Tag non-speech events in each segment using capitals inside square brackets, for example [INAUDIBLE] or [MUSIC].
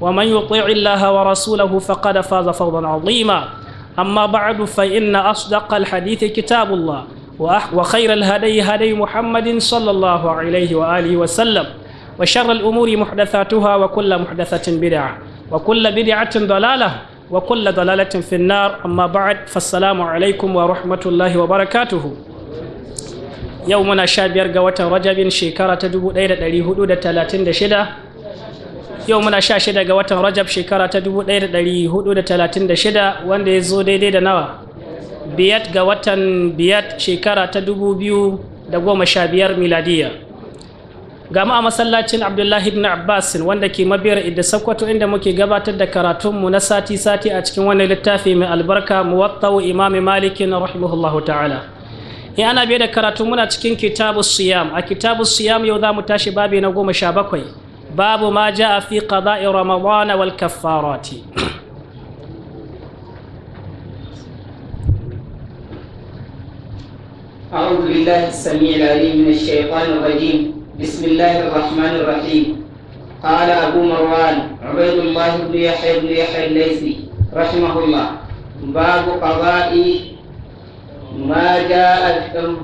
ومن يطيع الله ورسوله فقد فاز فوضا عظيما أما بعد فإن أصدق الحديث كتاب الله وخير الهدي هدي محمد صلى الله عليه وآله وسلم وشر الأمور محدثاتها وكل محدثة بدعة وكل بدعة ضلالة وكل ضلالة في النار أما بعد فالسلام عليكم ورحمة الله وبركاته يومنا شابير قوة رجب شكرة دبو ليلة لليهود 36 yau muna sha shida ga watan rajab shekara ta dubu ɗaya da da da ɗari talatin shida wanda ya zo daidai da nawa biyat ga watan biyat shekara ta 2015 miladiya gama a masallacin abdullahi ibn abbas wanda ke mabiyar idda sakwato inda muke gabatar da karatunmu na sati-sati a cikin wani littafi mai albarka muwattau imami malikin rahimahullahu ta'ala in ana biye da karatu muna cikin kitabu siyam a kitabu siyam yau za mu tashi babi na goma sha bakwai باب ما جاء في قضاء رمضان والكفارات أعوذ بالله السميع العليم من الشيطان الرجيم بسم الله الرحمن الرحيم قال أبو مروان عبيد الله بن يحيى بن يحيى الليثي رحمه الله باب قضاء ما جاء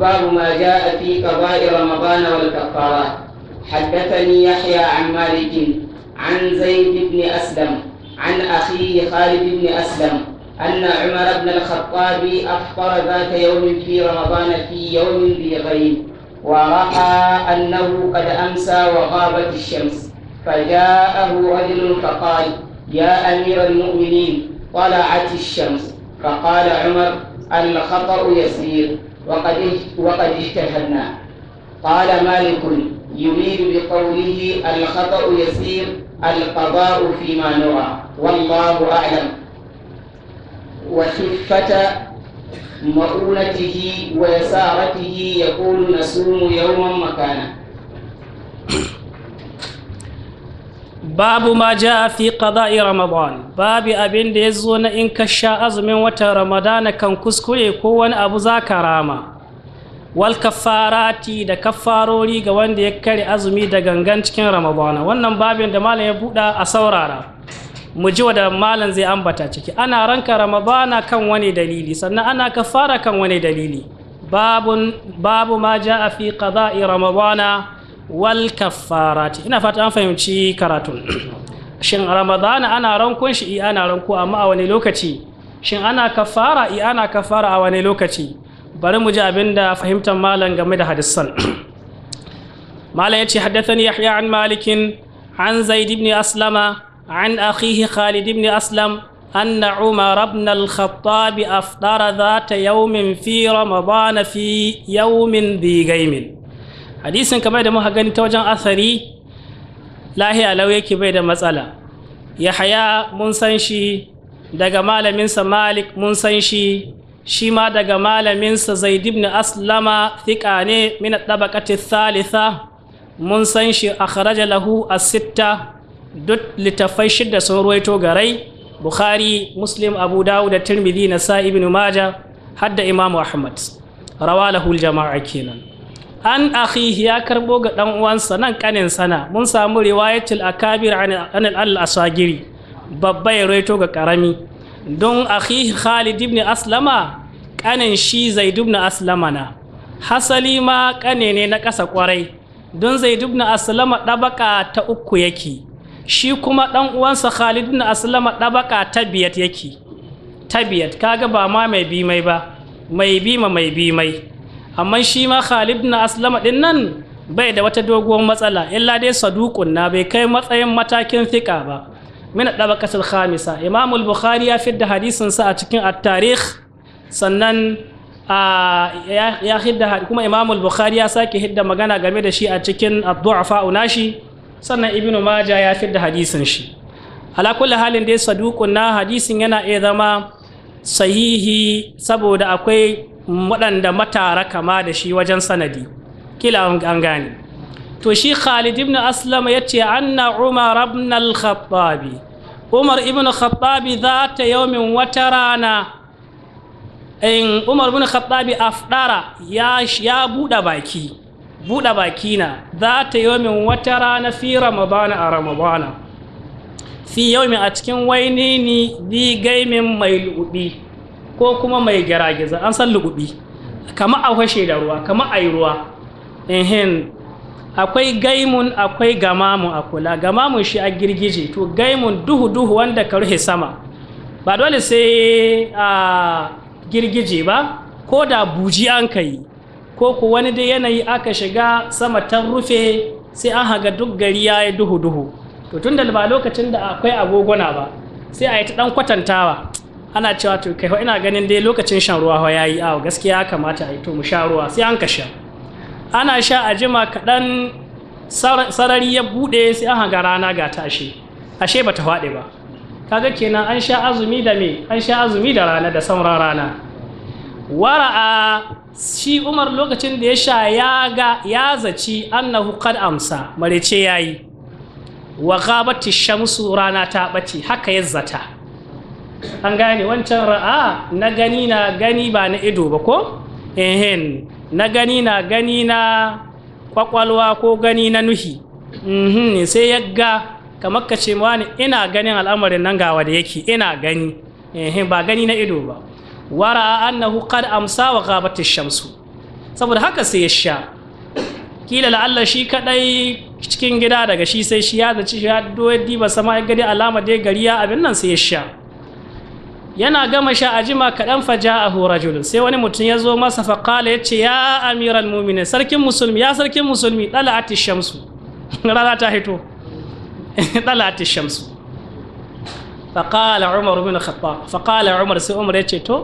باب ما جاء في قضاء رمضان والكفارات حدثني يحيى عن مالك عن زيد بن أسلم عن أخيه خالد بن أسلم أن عمر بن الخطاب أفطر ذات يوم في رمضان في يوم ذي غيب ورأى أنه قد أمسى وغابت الشمس فجاءه رجل فقال يا أمير المؤمنين طلعت الشمس فقال عمر الخطأ يسير وقد وقد اجتهدنا قال مالك يريد بقوله الخطأ يسير القضاء فيما نرى والله أعلم وخفة مؤونته ويسارته يقول نسوم يوما مكانا باب ما جاء في قضاء رمضان باب ابن ديزون ya zo أزمن in رمضان كان azumin watan أبو kan wal kafarati da kafarori ga wanda ya kare azumi da gangan cikin ramadana wannan babin da malam ya buɗa a saurara mu ji wa da malam zai ambata ciki ana ranka ramadana kan wani dalili sannan ana kafara kan wani dalili babu ma ja a fi qada'i ramadana wal kafarati ina fata an fahimci karatun [CLEARS THROAT] shin ramadana ana rankon shi ana ranko amma a wani lokaci shin ana kafara i ana kafara a wani lokaci bari mu ji abin da fahimtar malam game da hadisan malam ya ce haddathani yahya an malikin an zaid ibn aslama an akhihi khalid ibn aslam أن عمر بن الخطاب أفطر ذات يوم في رمضان في يوم ذي غيم حديث كما يدمو هغاني توجن أثري لا هي لو يكي بيد مسألة يحيى منسنشي daga malaminsa malik mun san shi shi ma daga malaminsa zaid ibn aslama thiqa ne min tabaqati thalitha mun san shi akhraja lahu as-sitta duk littafai shidda sun ruwaito garai bukhari muslim abu dawud da tirmidhi sa ibn majah hadda imamu ahmad rawalahu al-jama'a kenan an akhihi ya karbo ga dan uwansa nan kanin sana mun samu riwayatul akabir an al Aswagiri, babba ya ruwaito ga karami don akhi khalid ibn aslama kanin shi zaid aslamana hasali ma kane ne na ƙasa kwarai don zaid aslama ɗabaka ta uku yake shi kuma ɗan uwansa khalid na aslama ɗabaka ta biyat yake ta biyat kaga ba ma mai bi mai ba mai bi ma mai bi mai amma shi ma khalid na aslama ɗin nan bai da wata doguwar matsala illa dai saduqun na bai kai matsayin matakin fiƙa ba min ɗabakatul khamisa imamul bukhari ya fidda hadisin sa a cikin at-tarikh sannan ya hidda kuma imamul bukhari ya sake hidda magana game da shi a cikin abdu'afa nashi sannan ibnu maja ya fidda hadisin shi ala kulli halin dai saduqun na hadisin yana iya zama sahihi saboda akwai waɗanda matara kama da shi wajen sanadi kila an gane to shi khalid ibn aslam ya ce anna umar ibn al-khattabi umar ibn khattabi za ta min wata rana in umar bin khattabi afdara ya ya buda baki buda baki na za ta yomin wata rana fi ramadana a ramadana fi yomin a cikin waini ni bi gaimin mai lubi ko kuma mai garagiza an san lubi kama a fashe da ruwa kama a yi ruwa ehin akwai gaimun akwai gamamu a kula gamamun shi a girgije to gaimun duhu duhu wanda ka rufe sama ba dole sai a ah, girgije ba ko da buji an ka ko ku wani da yanayi aka shiga sama ta rufe sai an haga duk gari ya yi duhu duhu to tun da ba lokacin da akwai agogona ba sai a yi ta dan kwatantawa ana cewa to kai ina ganin dai lokacin shan ruwa ya yayi awa gaskiya ya kamata a yi to mu sha ruwa sai an ka ana sha a jima kaɗan sarari ya buɗe sai an haga rana ga ta ashe ashe bata haɗe ba kaga kenan an sha azumi da me an sha azumi da rana da sauran rana wara'a shi umar lokacin da ya sha ya ga ya zaci annahu qad amsa marece yayi wa ghabati shamsu rana ta bace haka ya zata an gane wancan ra'a na gani na gani ba na ido ba ko ehen na gani na gani na kwakwalwa ko gani na nuhi mhm, sai ya ga kamar ka ce wani ina ganin al'amarin nan gawa da yake ina gani ba gani na ido ba wara annahu qad amsa wa ghabatish shamsu saboda haka sai ya sha kila la'alla shi kadai cikin gida daga shi sai shi ya zaci shi ya doyaddi ba sama ya gari alama dai gari ya abin nan sai ya sha yana gama sha a jima kaɗan faja a sai wani mutum ya zo masa Fakala ya ce ya amiral muminin sarkin musulmi ya sarkin musulmi ɗala atish shamsu [LAUGHS] rana ta hito [LAUGHS] طلعت الشمس فقال عمر بن الخطاب فقال عمر سي عمر يتي to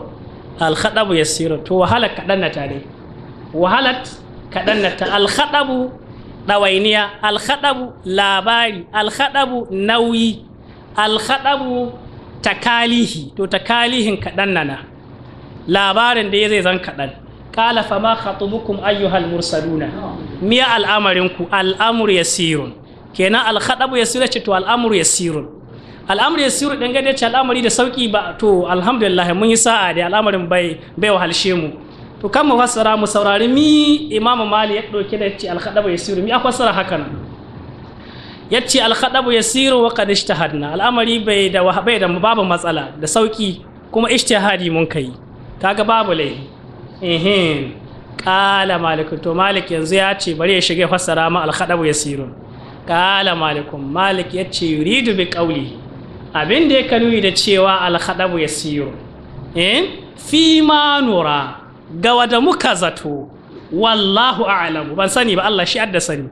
الخطب يسير تو وهلك كدنا تاني وهلت كدنا الخطب ɗawainiya alhaɗabu labari alhaɗabu nauyi alhaɗabu takalihi to takalihin kaɗan labarin da ya zai zan kaɗan kala fama khatubukum ayyuhal mursaluna miya al'amarinku al'amur yasirun kenan alkhadabu yasiru ce to al'amru yasirun al'amru yasiru dan gade ce al'amari da sauki ba to alhamdulillah mun yi sa'a da al'amarin bai bai wahalshe mu to kan mu fassara mu saurari mi imamu mali ya dauke da ce alkhadabu yasiru mi fassara haka nan yace alkhadabu yasiru wa qad ishtahadna al'amari bai da bai da babu matsala da sauki kuma ishtihadi mun kai kaga babu laifi ehem kala malik to malik yanzu ya ce bari ya shiga fassara ma alkhadabu yasirun kala malikun malik yace yuridu bi qawli abin da ya kanuni da cewa alhadabu ya siyo. in eh? fi ma nura ga wada muka zato wallahu a'lamu ban sani ba Allah shi adda sani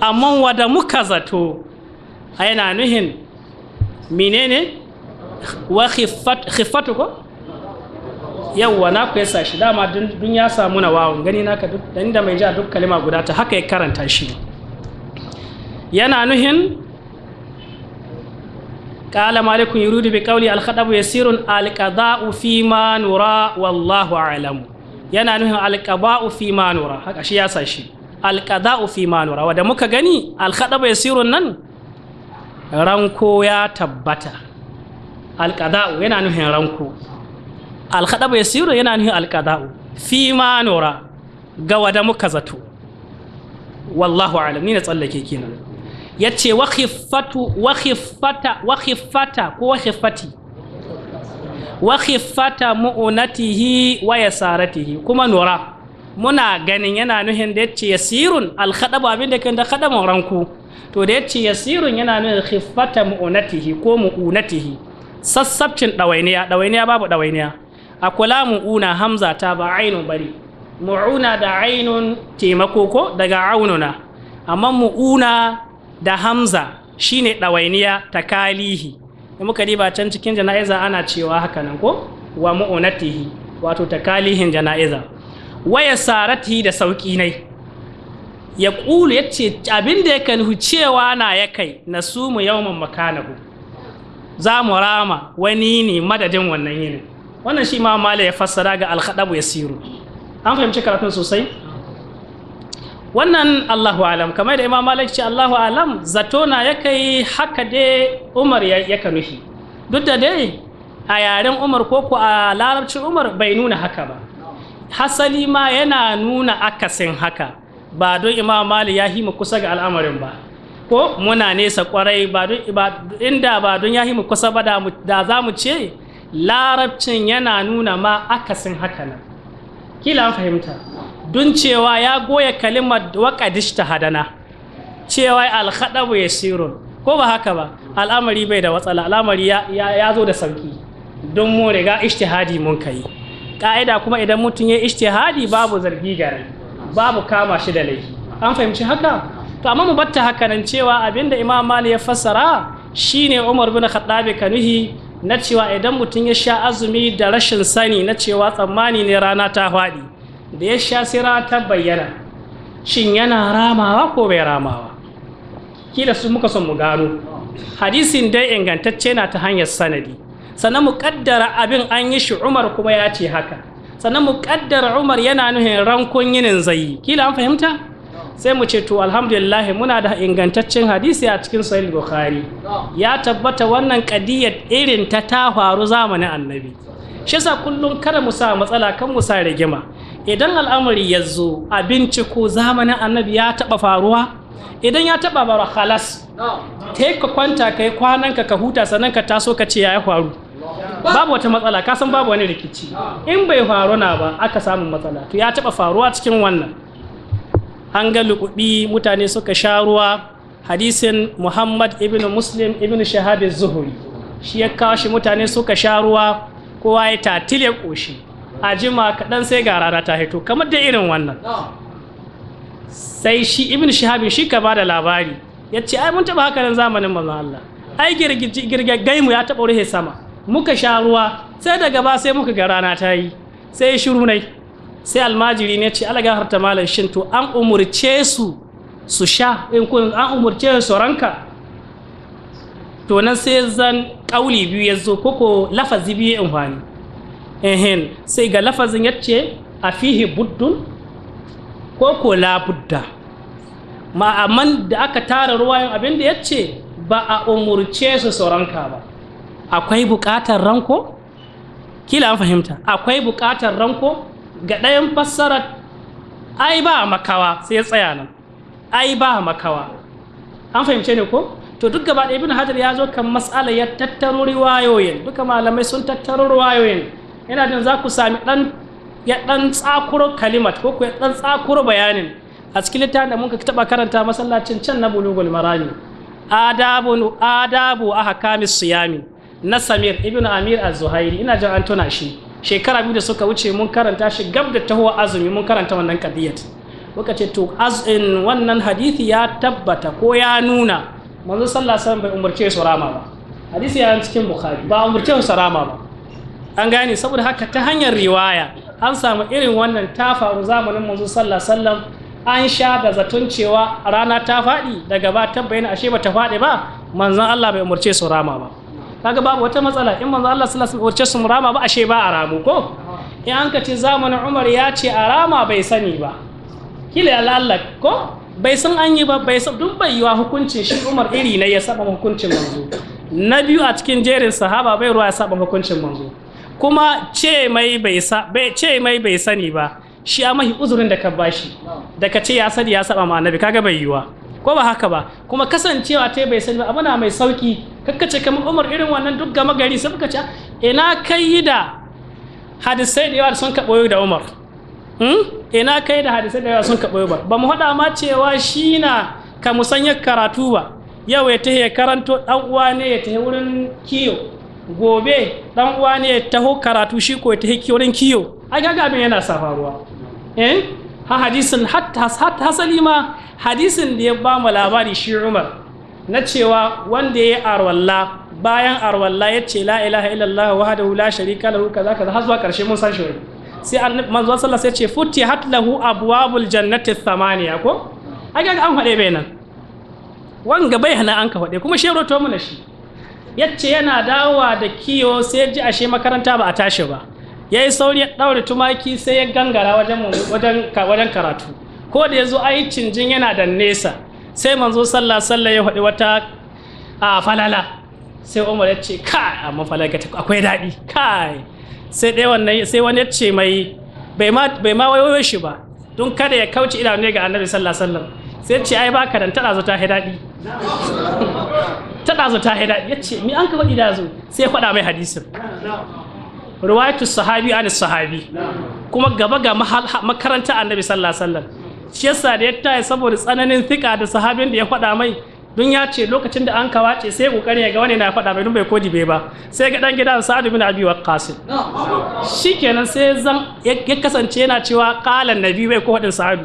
amma wada muka zato yana nuhin menene wa khifatu ko yawwa na ku yasa shi dama dun ya samu na wawon gani naka duk da mai ja duk kalima guda ta haka ya karanta shi yana nuhin قال ƙauli يريد بقولي sirun يسير القضاء ma nura wallahu alamu yana nuhin alƙaba'u fi nura haka shi ya sashi alƙada'u fi nura wadda muka gani alƙada bai sirun nan ranko ya tabbata alƙada'u yana nuhin ranko alƙada bai sirun yana nuhin alƙada'u fi nura ga wadda muka zato wallahu alamu ni na tsallake kenan ya ce wa khiffata ko wa khiffati wa khiffata mu'unatihi kuma nura muna ganin yana nuhin da yace yasirun alkhadaba abin da kan da khadaban ranku to da yace yasirun yana nuhin khifata mu'unatihi ko mu'unatihi sassabcin ɗawainiya ɗawainiya babu a kula mu'una hamza ta ba ainun bari mu'una da ainun taimako ko daga aununa amma mu'una da hamza shine ɗawainiya ta takalihi da muka diba can cikin jana'iza ana cewa haka nan ko wa ma'unatihi wato ta kalihin jana'iza waya sarati da sauƙi nai ya ƙulu ya ce abin da ya kalhu cewa na ya kai na su mu yawman makanahu za mu rama wani ne madadin wannan yinin wannan shi ma mala ya fassara ga alhaɗabu ya siru an fahimci karatun sosai wannan Allahu alam kamar da Imam Malik ce Allahu alam zato na ya kai haka dai Umar ya ka nuhi duk da dai a yaren Umar ko ko a larabcin Umar bai nuna haka ba hasali ma yana nuna akasin haka ba don Imam Malik ya himu kusa ga al'amarin ba ko muna nesa kwarai ba don inda ba don ya himu kusa ba da za mu ce larabcin yana nuna ma akasin haka nan kila an fahimta don cewa ya goya kalimar waƙadish ta hadana cewa alhaɗabu ya sirun ko ba haka ba al'amari bai da watsala al'amari ya zo da sauki don mu riga ishtihadi mun kai ƙa'ida kuma idan mutum ya ishtihadi babu zargi gare babu kama shi da laifi an fahimci haka to amma mu batta haka nan cewa abinda imam mali ya fassara shine umar bin khattabi kanuhi na cewa idan mutum ya sha azumi da rashin sani na cewa tsammani ne rana ta faɗi da ya sha sira ta bayyana shin yana ramawa ko bai ramawa kila su muka son mu gano hadisin dai ingantacce na ta hanyar sanadi sannan mu kaddara abin an yi shi Umar kuma ya ce haka sannan mu kaddara Umar yana nuhin rankun yinin zai kila an fahimta sai mu ce to alhamdulillah muna da ingantaccen hadisi a cikin sahih bukhari ya tabbata wannan kadiyar irin ta ta faru zamanin annabi shi yasa kullum kada mu sa matsala kan mu sa rigima idan al'amari ya zo a binciko zamanin annabi ya taɓa faruwa idan ya taɓa faruwa halas ta ka kwanta ka yi kwananka ka huta sannan ka taso ka ce ya yi faru babu wata matsala kasan san babu wani rikici in bai faru na ba aka samu matsala to ya taɓa faruwa cikin wannan an ga lukubi mutane suka sha ruwa hadisin muhammad ibn muslim ibn shahabi zuhuri shi ya kawo shi mutane suka sha ruwa kowa ya tatile ƙoshi a jima kaɗan sai ga rana ta hito kamar da irin wannan sai shi ibn shahabin shi ka ba da labari ya ce ai mun taɓa haka nan zamanin manzon Allah ai gai mu ya taɓa rufe sama muka sha ruwa sai daga ba sai muka ga rana ta yi sai shiru nai sai almajiri ne ce alaga harta malam shin to an umurce su su sha in kun an umurce su ranka to nan sai zan kauli biyu ya zo koko lafazi biyu ya amfani ehen sai ga lafazin yace a fihi buddun ko ko la budda ma amman da aka tara ruwayen abin da yace ba a umurce su sauranka ba akwai buƙatar ranko kila an fahimta akwai buƙatar ranko ga ɗayan fassarar ai ba makawa sai ya tsaya nan ai ba makawa an fahimce ne ko to duk gaba ibn hajar ya zo kan mas'ala ya tattaro riwayoyin duka malamai sun tattaro riwayoyin yana jin za ku sami ɗan tsakuro kalimat ko ku ɗan tsakuro bayanin a cikin littafin da muka taɓa karanta masallacin can na bulugul marami adabu adabu Hakamis Suyami na samir ibn amir az-zuhairi ina jin an tuna shi shekara biyu da suka wuce mun karanta shi gab da tahowa azumi mun karanta wannan kadiyat muka ce to azin wannan hadisi ya tabbata ko ya nuna manzo sallallahu alaihi wasallam bai umurce su rama ba hadisi ya cikin bukhari ba umurce su rama ba an gane saboda haka ta hanyar riwaya an samu irin wannan ta faru zamanin manzo sallallahu alaihi wasallam an sha ga zaton cewa rana ta faɗi daga ba tabbayin ashe ba ta faɗi ba manzon Allah bai umarce su rama ba kaga babu wata matsala in manzon Allah sallallahu alaihi wasallam umarce su rama ba ashe ba a ramu ko in an ka ce zamanin Umar ya ce a rama bai sani ba kila Allah ko bai san an yi ba bai san duk bai yiwa hukuncin shi Umar iri ne ya saba hukuncin manzo na biyu a cikin jerin sahaba bai ruwa ya saba hukuncin manzo kuma ce mai bai ce mai bai sani ba shi a mahi uzurin da ka bashi da ka ce ya sani ya saba ma annabi kaga bai yiwa ko ba haka ba kuma kasancewa ta bai sani ba abuna mai sauki kakkace kamar umar irin wannan duk gama gari sai muka ce ina kai da hadisai da yawa sun ka kaɓoyo da umar hmm? ina kai da hadisai da yawa sun kaɓoyo ba ba mu haɗa ma cewa shi na ka musanya karatu ba yau ya tahe karanto ɗan uwa ne ya tahe wurin kiyo gobe dan uwa ne ya taho karatu shi ko ta hiki wurin kiyo ai ga abin yana sa faruwa eh ha hadisin hatta hasali ma hadisin da ya ba mu labari shi Umar na cewa wanda ya yi arwalla bayan arwalla ya ce la ilaha illallah wahdahu la sharika lahu kaza kaza har zuwa karshe mun san shi sai annabi manzo sallallahu alaihi wasallam ya ce futihat lahu abwabul jannati thamaniya ko ai ga an faɗe bai nan wanga bai hana an ka faɗe kuma shi roto mana shi yace yana dawowa da kiyo sai ya ji ashe makaranta ba a tashi ba yayi sauri ya ɗaure tumaki sai ya gangara wajen karatu ko da ya zo ayi yi yana da nesa sai manzo sallah sallah ya faɗi wata a falala sai Umar ya ce kai amma falala akwai daɗi kai sai dai wannan sai wani ya ce mai bai ma wayo shi ba don kada ya kauce idanu ga Annabi sallah sallah sai ce ai baka dan tada ta hi dadi tada ta hi daɗi yace mi an ka faɗi da zo sai faɗa mai hadisin riwayatu sahabi an sahabi kuma gaba ga makaranta annabi sallallahu alaihi wasallam shi yasa da ya taya saboda tsananin thika da sahabin da ya faɗa mai don ya ce lokacin da an kawace sai kokari ya ga wani na faɗa mai don bai kodi bai ba sai ga dan gidan sa'ad bin abi waqqas shikenan sai zan ya kasance yana cewa qala nabi bai ko hadin sa'adu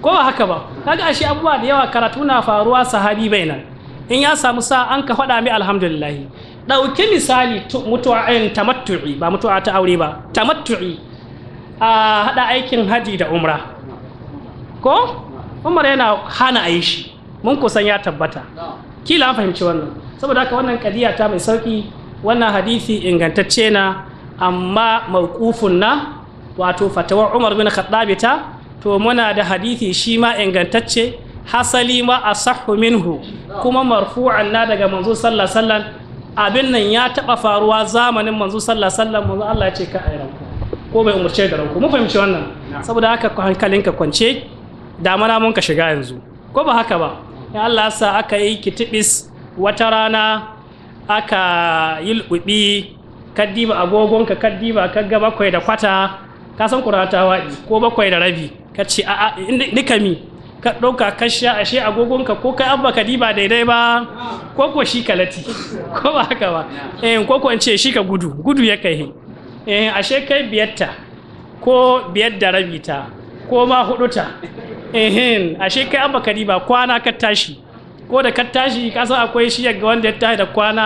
ko ba haka ba kaga ashe abubuwa da yawa karatu na faruwa sahabi baina in ya samu sa an ka faɗa mai alhamdulillah ɗauki misali mutuwa ayin tamattu'i ba mutuwa ta aure ba tamattu'i a haɗa aikin haji da umra ko umar yana hana a yi shi mun kusan ya tabbata kila an fahimci wannan saboda haka wannan kadiya ta mai sauki wannan hadisi ingantacce na amma mawqufun na wato fatawar umar bin khattabi ta to muna da hadithi shi ma ingantacce hasali ma sahu minhu kuma marfu'an na daga manzo sallallahu alaihi abin nan ya taba faruwa zamanin manzo sallallahu alaihi manzo Allah ya ce ka ayran ko bai umurce da ranku mu fahimci wannan saboda haka hankalinka kwance da mana mun ka shiga yanzu ko ba haka ba ya Allah sa aka yi kitibis wata rana aka yi lubi kaddiba agogonka kaddiba ka ga bakwai da kwata ka san kurata waɗi ko bakwai da rabi ka ce a nika mi ka ɗauka ka sha ashe agogonka ko kai abba ka diba daidai ba ko ko shi ka lati [LAUGHS] ko ba haka ba eh ko ko ce shi ka gudu gudu ya kai eh ashe kai biyatta ko biyar da rabi ta ko ma hudu ta eh ashe kai abba ka diba kwana ka tashi ko da ka tashi ka san akwai shi ga wanda ya tashi da kwana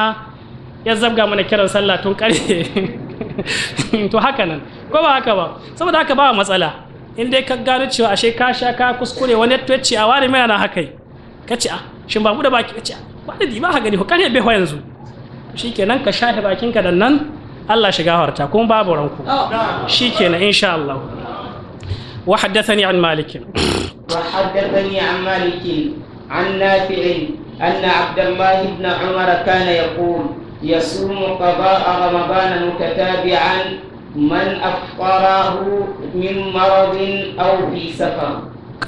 ya zabga mana kiran sallah tun karfe [LAUGHS] to haka nan ko ba haka ba saboda haka ba matsala in dai ka gano cewa ashe ka sha ka kuskure wani to ce a wani mai na haka ka ce a shin ba da baki ka ce ba da dima haka ne ko kare bai yanzu shikenan ka shafe bakin ka dan nan Allah shiga harta kuma babu ranku shikenan insha Allah wa haddathani an malik wa haddathani an malik an nafi'in أن عبد الله بن عمر كان يقول يصوم قضاء رمضان متتابعا من أفطره من مرض أو في سفر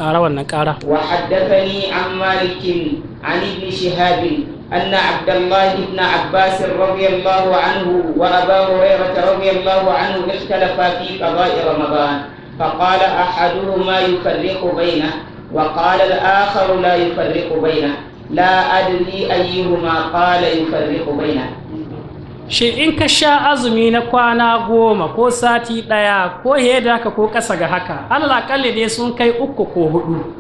قال ولا وحدثني عن مالك عن ابن شهاب أن عبد الله بن عباس رضي الله عنه وأبا هريرة رضي الله عنه اختلفا في قضاء رمضان فقال أحدهما يفرق بينه وقال الآخر لا يفرق بينه لا أدري أيهما قال يفرق بينه Shin in ka sha azumi na kwana goma ko sati ɗaya ko da haka ko ƙasa ga haka alal dai sun kai uku ko hudu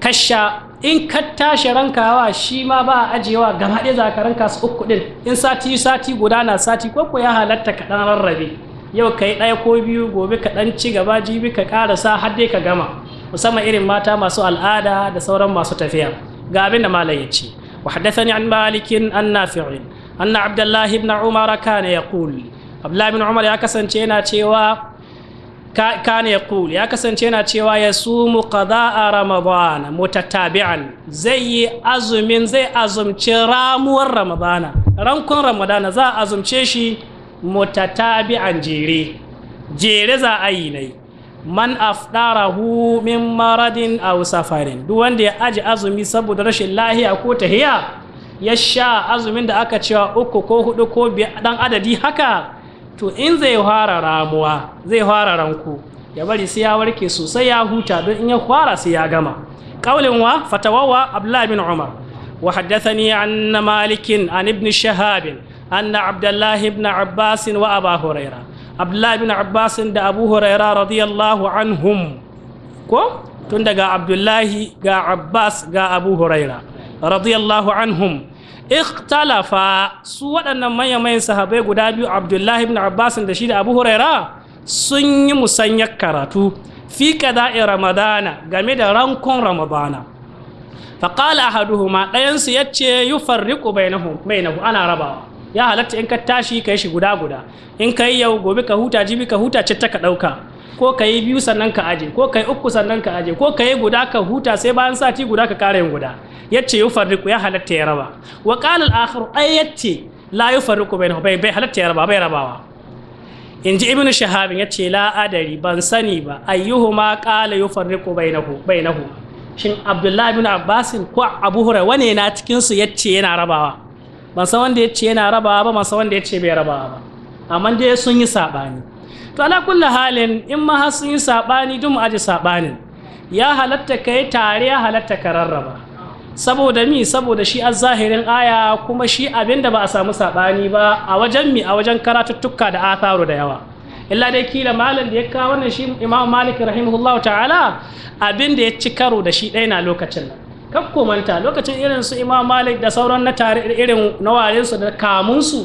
ka sha in ka tashi rankawa shi ma ba a ajewa gama ɗaya za ka ranka su uku ɗin in sati sati guda na sati ko ya halatta ka ɗan rarrabe yau ka yi ɗaya ko biyu gobe ka ɗan ci gaba jibi ka ƙarasa har dai ka gama musamman irin mata masu al'ada da sauran masu tafiya ga abin da malam ya ce وحدثني عن مالك عن anna abdullahi ibn umar kana yaqul abdullahi ibn umar ya kasance yana cewa kana yaqul ya kasance yana cewa ya sumu qada'a ramadan mutatabi'an zai yi azumin zai azumci ramuwar ramadana rankon ramadana za a azumce shi mutatabi'an jere jere za a yi nai man afdarahu min maradin aw safarin duk wanda ya aji azumi saboda rashin lahiya ko tahiya ya sha azumin da aka cewa uku ko hudu ko dan adadi haka to in zai fara ramuwa zai fara ranku ya bari sai ya warke sosai ya huta don in ya fara sai ya gama kaulin wa fatawawa Abdullahi bin umar wa haddathani an malikin an ibn shahabin أن عبد الله بن عباس وأبا huraira Abdullahi الله Abbas da abu huraira radiyallahu anhum ko tun daga Abdullahi عبد Abbas عباس abu huraira. radiyallahu anhum ikhtalafa su waɗannan manya-manyan sahabai guda biyu abdullahi ibn abbas da shi da abu huraira sun yi musanyar karatu fi qada'i ramadana game da rankon ramadana faqala ahaduhuma ɗayansu yace yufarriqu bainahum bainahu ana rabawa ya halatta in ka tashi ka yi shi guda guda in ka yi yau gobe ka huta jibi ka huta ce ka ɗauka ko ka yi biyu sannan ka aje ko ka yi uku sannan ka aje ko ka yi guda ka huta sai bayan sati guda ka kara yin guda yace yufarriqu ya halatta ya raba wa qala al-akhar ay yace la yi bainahu bai bai halatta ya raba bai rabawa In ji ibnu Shahabin ya la adari ban sani ba ayyuhu ma ayyuhuma qala yufarriqu bai nahu shin abdullahi bin abbas ko abu hura wane na cikinsu ya ce yana rabawa ban san wanda ce yana rabawa ba ban san wanda ce bai rabawa ba amma dai sun yi saɓani. to ala kulli halin in ma har yi sabani duk mu ajiye sabanin ya halatta ka yi tare ya halatta ka rarraba saboda mi saboda shi a zahirin aya kuma shi abinda ba a samu sabani ba a wajen mi a wajen karatuttuka da atharu da yawa illa dai kila malam da ya kawo wannan shi imam malik rahimahullah ta'ala Abinda ya ci karo da shi ɗaya na lokacin kakko manta lokacin irin su imam malik da sauran na tare irin nawarinsu da kamunsu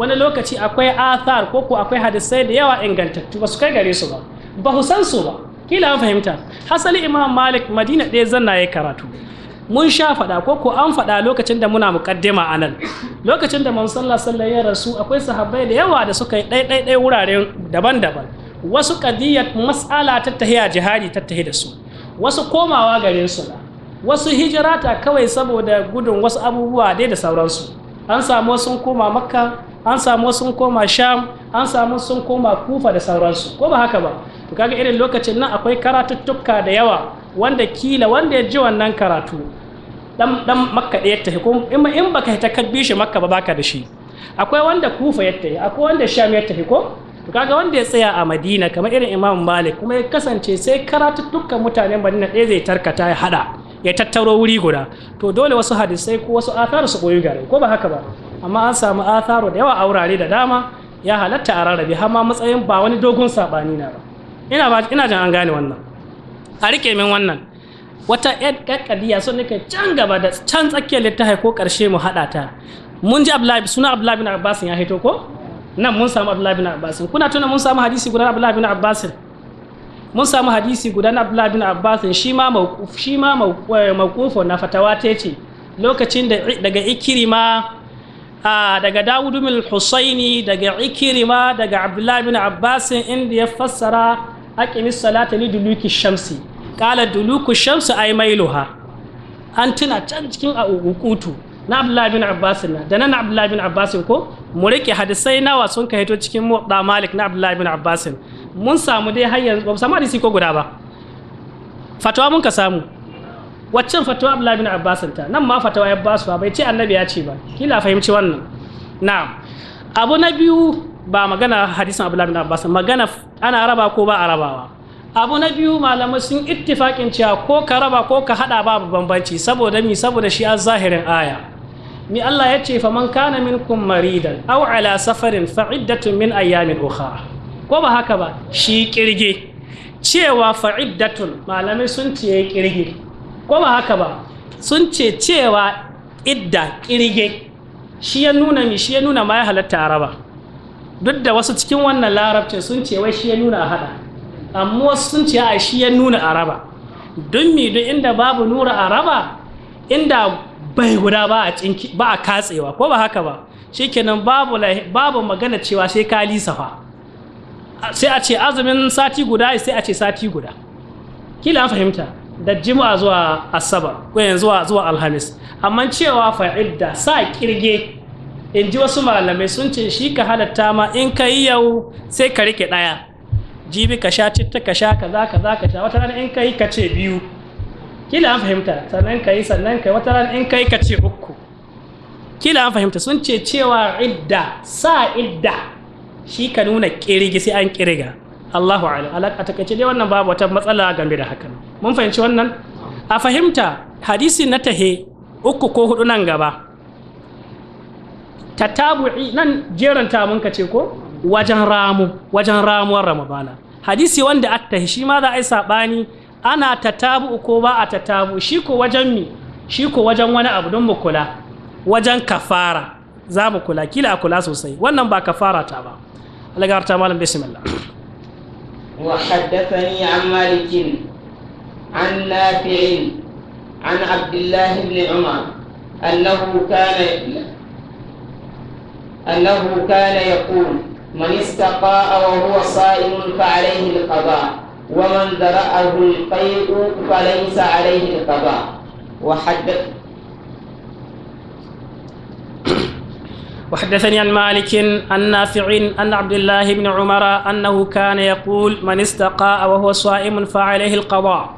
wani lokaci akwai athar ko ko akwai hadisai da yawa ingantattu ba su kai gare su ba ba ku san su ba kila an fahimta hasali imam malik madina ɗaya zanna ya karatu mun sha faɗa ko ko an faɗa lokacin da muna muƙaddima a nan lokacin da manzon sallah ya rasu akwai sahabbai da yawa da suka yi ɗaiɗaiɗai wuraren daban-daban wasu kadiyar mas'ala ta tahiya jihadi ta tahi da su wasu komawa gare su wasu hijirata kawai saboda gudun wasu abubuwa dai da sauransu an samu sun koma makka an samu sun koma sham an samu sun koma kufa da sauransu ko ba haka ba to kaga irin lokacin nan akwai karatuttuka da yawa wanda kila wanda ya ji wannan karatu dan makka da yatta ko in in baka ta kabbi shi makka ba baka da shi akwai wanda kufa yatta akwai wanda sham yatta ko to kaga wanda ya tsaya a madina kamar irin imam malik kuma ya kasance sai karatuttukan mutanen madina ɗaya zai tarkata ya hada ya tattaro wuri guda to dole wasu hadisai ko wasu atharu su koyi gare ko ba haka ba amma an samu atharu da yawa a wurare da dama ya halatta a rarrabe har ma matsayin ba wani dogon sabani na ba ina ba ina jin an gane wannan a rike min wannan wata yan kakkadiya sun nika can gaba da can tsakiyar littafi ko karshe mu hada ta mun ji abdullahi suna abdullahi bin abbas ya haito ko nan mun samu abdullahi bin abbas kuna tuna mun samu hadisi guda abdullahi bin abbas mun samu hadisi guda na Abdullah bin Abbas shi ma shi ma eh, na fatawa ta ce lokacin da daga Ikrima daga Dawud bin Husaini daga Ikrima daga Abdullah bin Abbas inda ya fassara aqimis salata li duluki shamsi qala duluku shamsi ay mailuha an tuna can cikin a ukutu na abdullahi bin abbas na da na abdullahi bin abbas ko mu rike hadisai nawa sun ka hito cikin muwadda malik na abdullahi bin abbas mun samu dai har yanzu ba samu hadisi ko guda ba fatawa mun ka samu waccan fatawa abdullahi bin abbas ta nan ma fatawa ya basu bai ce annabi ya ce ba kila fahimci wannan na'am abu na biyu ba magana hadisin abdullahi bin abbas magana ana raba ko ba a rabawa abu na biyu malamai sun ittifakin cewa ko ka raba ko ka hada babu bambanci saboda mi saboda shi a zahirin aya mi Allah ya ce faman kana minkum maridan Au ala safarin fa iddatun min ayyamin ukhra ko ba haka ba shi kirge cewa fa iddatun malamai sun ce ya kirge ko ba haka ba sun ce cewa idda kirge shi ya nuna mi shi ya nuna ma ya halatta araba duk da wasu cikin wannan larabcin sun ce wai shi ya nuna a hada amma wasu sun ce a shi ya nuna araba don mi duk inda babu nura araba inda bai guda ba a tsinki ba a katsewa ko ba haka ba shikenan babu babu magana cewa sai ka lisafa sai a ce azumin sati guda sai a ce sati guda kila fahimta da juma'a zuwa asabar ko yanzu zuwa alhamis amma cewa fa'idda sa kirge in ji wasu malamai sun ce shi ka halatta ma in ka yi yau sai ka rike ɗaya jibi ka sha citta ka sha kaza kaza ka sha wata rana in ka yi ka ce biyu kila an fahimta sannan ka yi sannan ka yi wata ran in kai ka ce uku kila an fahimta sun ce cewa idda sa idda shi ka nuna kirigi sai an kiriga Allahu alam alaka kace dai wannan babu wata matsala game da hakan mun fahimci wannan a fahimta hadisi na tahe uku ko hudu nan gaba tatabu'i nan jeranta mun kace ko wajen ramu wajen ramuwar ramadana hadisi wanda attahi shi ma za a yi sabani ana tatabu ko ba a tatabu shi ko wajen mi shi ko wajen wani abu don mu kula wajen kafara za mu kula kila kula sosai wannan ba kafara ta ba Allah ya ta malam bismillah wa haddathani an malikin an nafi'in an abdullah ibn umar annahu kana annahu kana yaqul man istaqa'a wa huwa sa'imun fa alayhi al ومن ذرأه القيء فليس عليه القضاء وحدث وحدثني عن مالك عن نافع عن عبد الله بن عمر أنه كان يقول من استقاء وهو صائم فعليه القضاء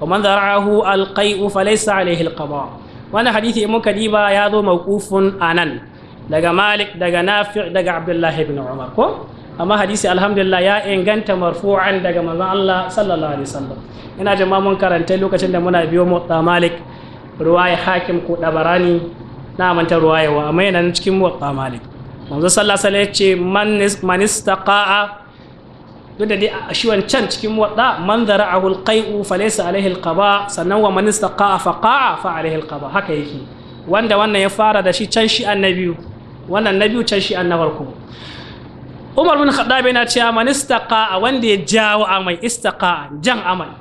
ومن ذرعه القيء فليس عليه القضاء وأنا حديثي أم كديبا ذو موقوف آنن دقى مالك دقى نافع دقى عبد الله بن عمر amma hadisi alhamdulillah ya inganta marfu'an daga manzon Allah sallallahu alaihi wasallam ina jama'a mun karanta lokacin da muna biyo motsa malik ruwaya hakim ko dabarani na manta ruwaya wa amma yana cikin motsa malik manzo sallallahu alaihi wasallam ya ce man istaqa'a duk da dai shi wancan cikin motsa man zara'ahu alqai'u falaysa alaihi alqaba sannan wa man istaqa'a faqa'a fa alaihi alqaba haka yake wanda wannan ya fara da shi can shi annabiyu wannan na biyu can shi an na farko umar bin khattab yana cewa man istaqa'a wanda ya jawo amai istaqa'a jan amai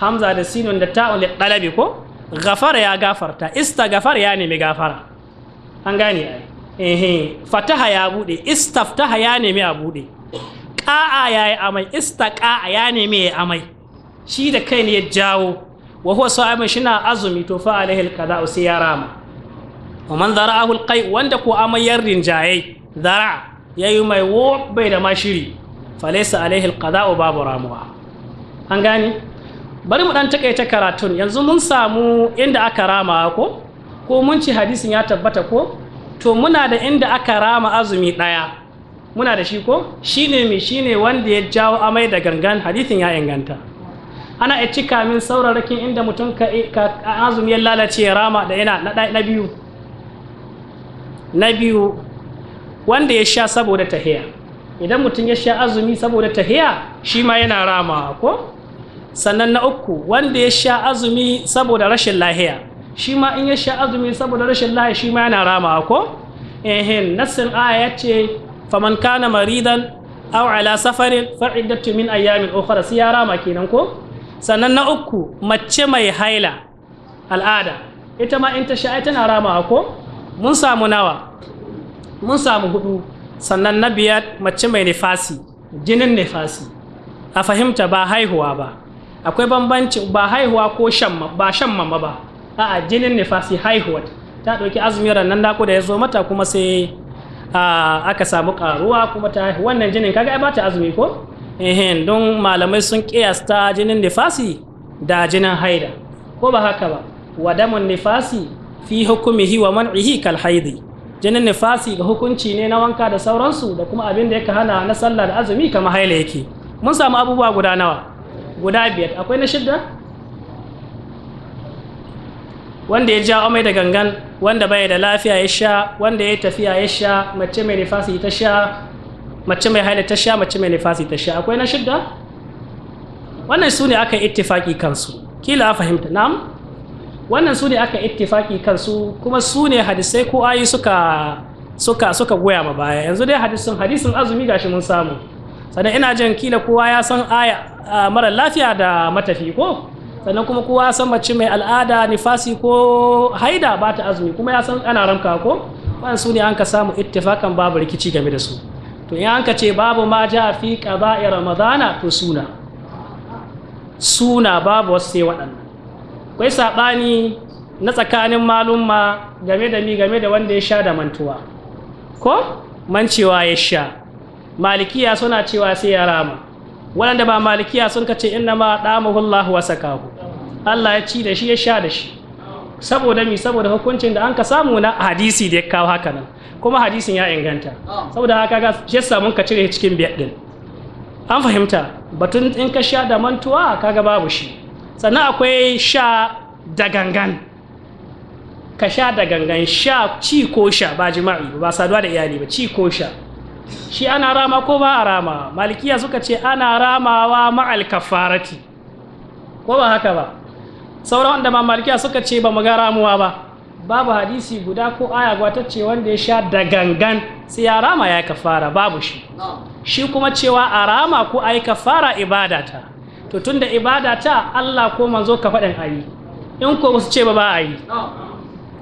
hamza da sinun da ta'ul dalabi ko ghafara ya gafarta istaghfar ya nemi gafara an gane eh fataha ya bude istaftaha ya nemi a bude qa'a ya yi amai istaqa'a ya nemi ya amai shi da kai ne ya jawo wa huwa sa'im shina azumi to fa alaihi alqada'u sai ya rama wa man zara'ahu alqai wanda ko amai yar rinjaye zara'a ya yi mai wo bai da mashiri falesa alaihi alqada'u babu ramuwa an gani bari mu ɗan takaita karatun yanzu mun samu inda aka rama ko ko mun ci hadisin ya tabbata ko to muna da inda aka rama azumi ɗaya muna da shi ko shine mai shine wanda ya jawo amai da gangan hadisin ya inganta ana ya cika min sauraron inda mutum ka azumi ya lalace rama da yana na biyu na biyu wanda ya sha saboda tahiya idan mutum ya sha azumi saboda tahiya shi ma yana rama ko sannan na uku wanda ya sha azumi saboda rashin lahiya shi ma in ya sha azumi saboda rashin lahiya shi ma yana rama ko ehin nassin aya ya ce faman kana maridan aw ala safarin fa'iddatu min ayyamin ukhra sai ya rama kenan ko sannan na uku mace mai haila al'ada ita ma in ta sha tana rama ko mun samu nawa mun samu hudu sannan na biyar mace mai nifasi jinin nifasi a fahimta ba haihuwa ba akwai bambanci ba haihuwa ko ba ba mama ba a jinin nifasi haihuwa ta ɗauki azumi ranar dako da ya zo mata kuma sai aka samu karuwa kuma ta wannan jinin kaga ba bata azumi ko ehen don malamai sun kiyasta jinin nifasi da jinin haida ko ba haka ba wadamun nifasi fi hukumihi wa man'ihi kal haidi jinin nifasi ga hukunci ne na wanka da sauransu da kuma abin da yake hana na sallah da azumi kamar haila yake mun samu abubuwa guda nawa guda biyar akwai na shidda wanda ya ja amai da gangan wanda bai da lafiya ya sha wanda ya tafiya ya sha mace mai nifasi ta sha mace mai haila ta sha mace mai nifasi ta sha akwai na shidda wannan su ne aka yi ittifaki kansu kila a fahimta na'am wannan su ne aka ittifaki kansu kuma su ne hadisai ko ayi suka suka goya ma baya yanzu dai hadisin hadisin azumi gashi mun samu sannan ina jin kila kowa ya san aya mara lafiya da matafi ko sannan kuma kowa san mace mai al'ada nifasi ko haida ba ta azumi kuma ya san ana ramka ko wannan su ne an ka samu ittifakan babu rikici game da su to in an ka ce babu ma ja fi qada'i ramadana to suna suna babu wasu sai waɗannan kwai saɓani na tsakanin malumma game da mi game da wanda ya sha da mantuwa ko mancewa ya sha malikiya suna cewa sai ya rama waɗanda ba malikiya sun ka ce inna ma ɗamahullahu wa sakahu Allah ya ci da shi ya sha da shi saboda mi saboda hukuncin da an ka samu na hadisi da ya kawo haka nan kuma hadisin ya inganta saboda haka ga shi yasa mun ka cire cikin biyar din an fahimta batun in ka sha da mantuwa kaga babu shi sannan akwai sha da gangan ka sha da gangan sha ci ko sha ba jima'i ba saduwa da iyali ba ci ko sha shi ana rama ko ba a rama malikiya suka ce ana ramawa ma'al kafarati ko ba haka ba sauran wanda ma malikiya suka ce ba mu ga ramuwa ba babu hadisi guda ko aya ce wanda ya sha da gangan sai ya rama ya kafara babu shi shi kuma cewa a rama ko ai kafara ta. to tunda ibada ta Allah ko manzo ka faɗin ayi in ko su ce ba ba yi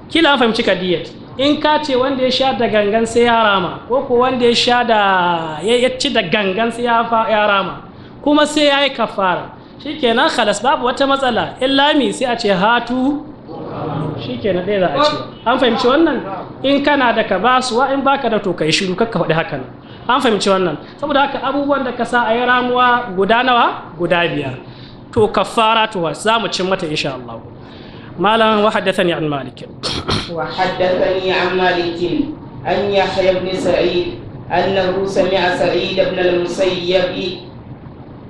kila an fahimci kadiyat in ka ce wanda ya sha da gangan sai ya rama ko ko wanda ya sha da ya ci da gangan sai ya rama kuma sai yayi kafara shikenan khalas babu wata matsala illami sai a ce hatu shikenan dai za a ce an fahimci wannan in kana da ka wa in baka da to ka yi shiru kakka faɗi haka nan an fahimci wannan saboda haka abubuwan da ka sa a yi ramuwa guda nawa guda biyar to kafara to za mu cin mata insha Allah malam wa haddathani an malik wa haddathani an malik an yahya ibn sa'id annahu sami'a sa'id ibn al-musayyib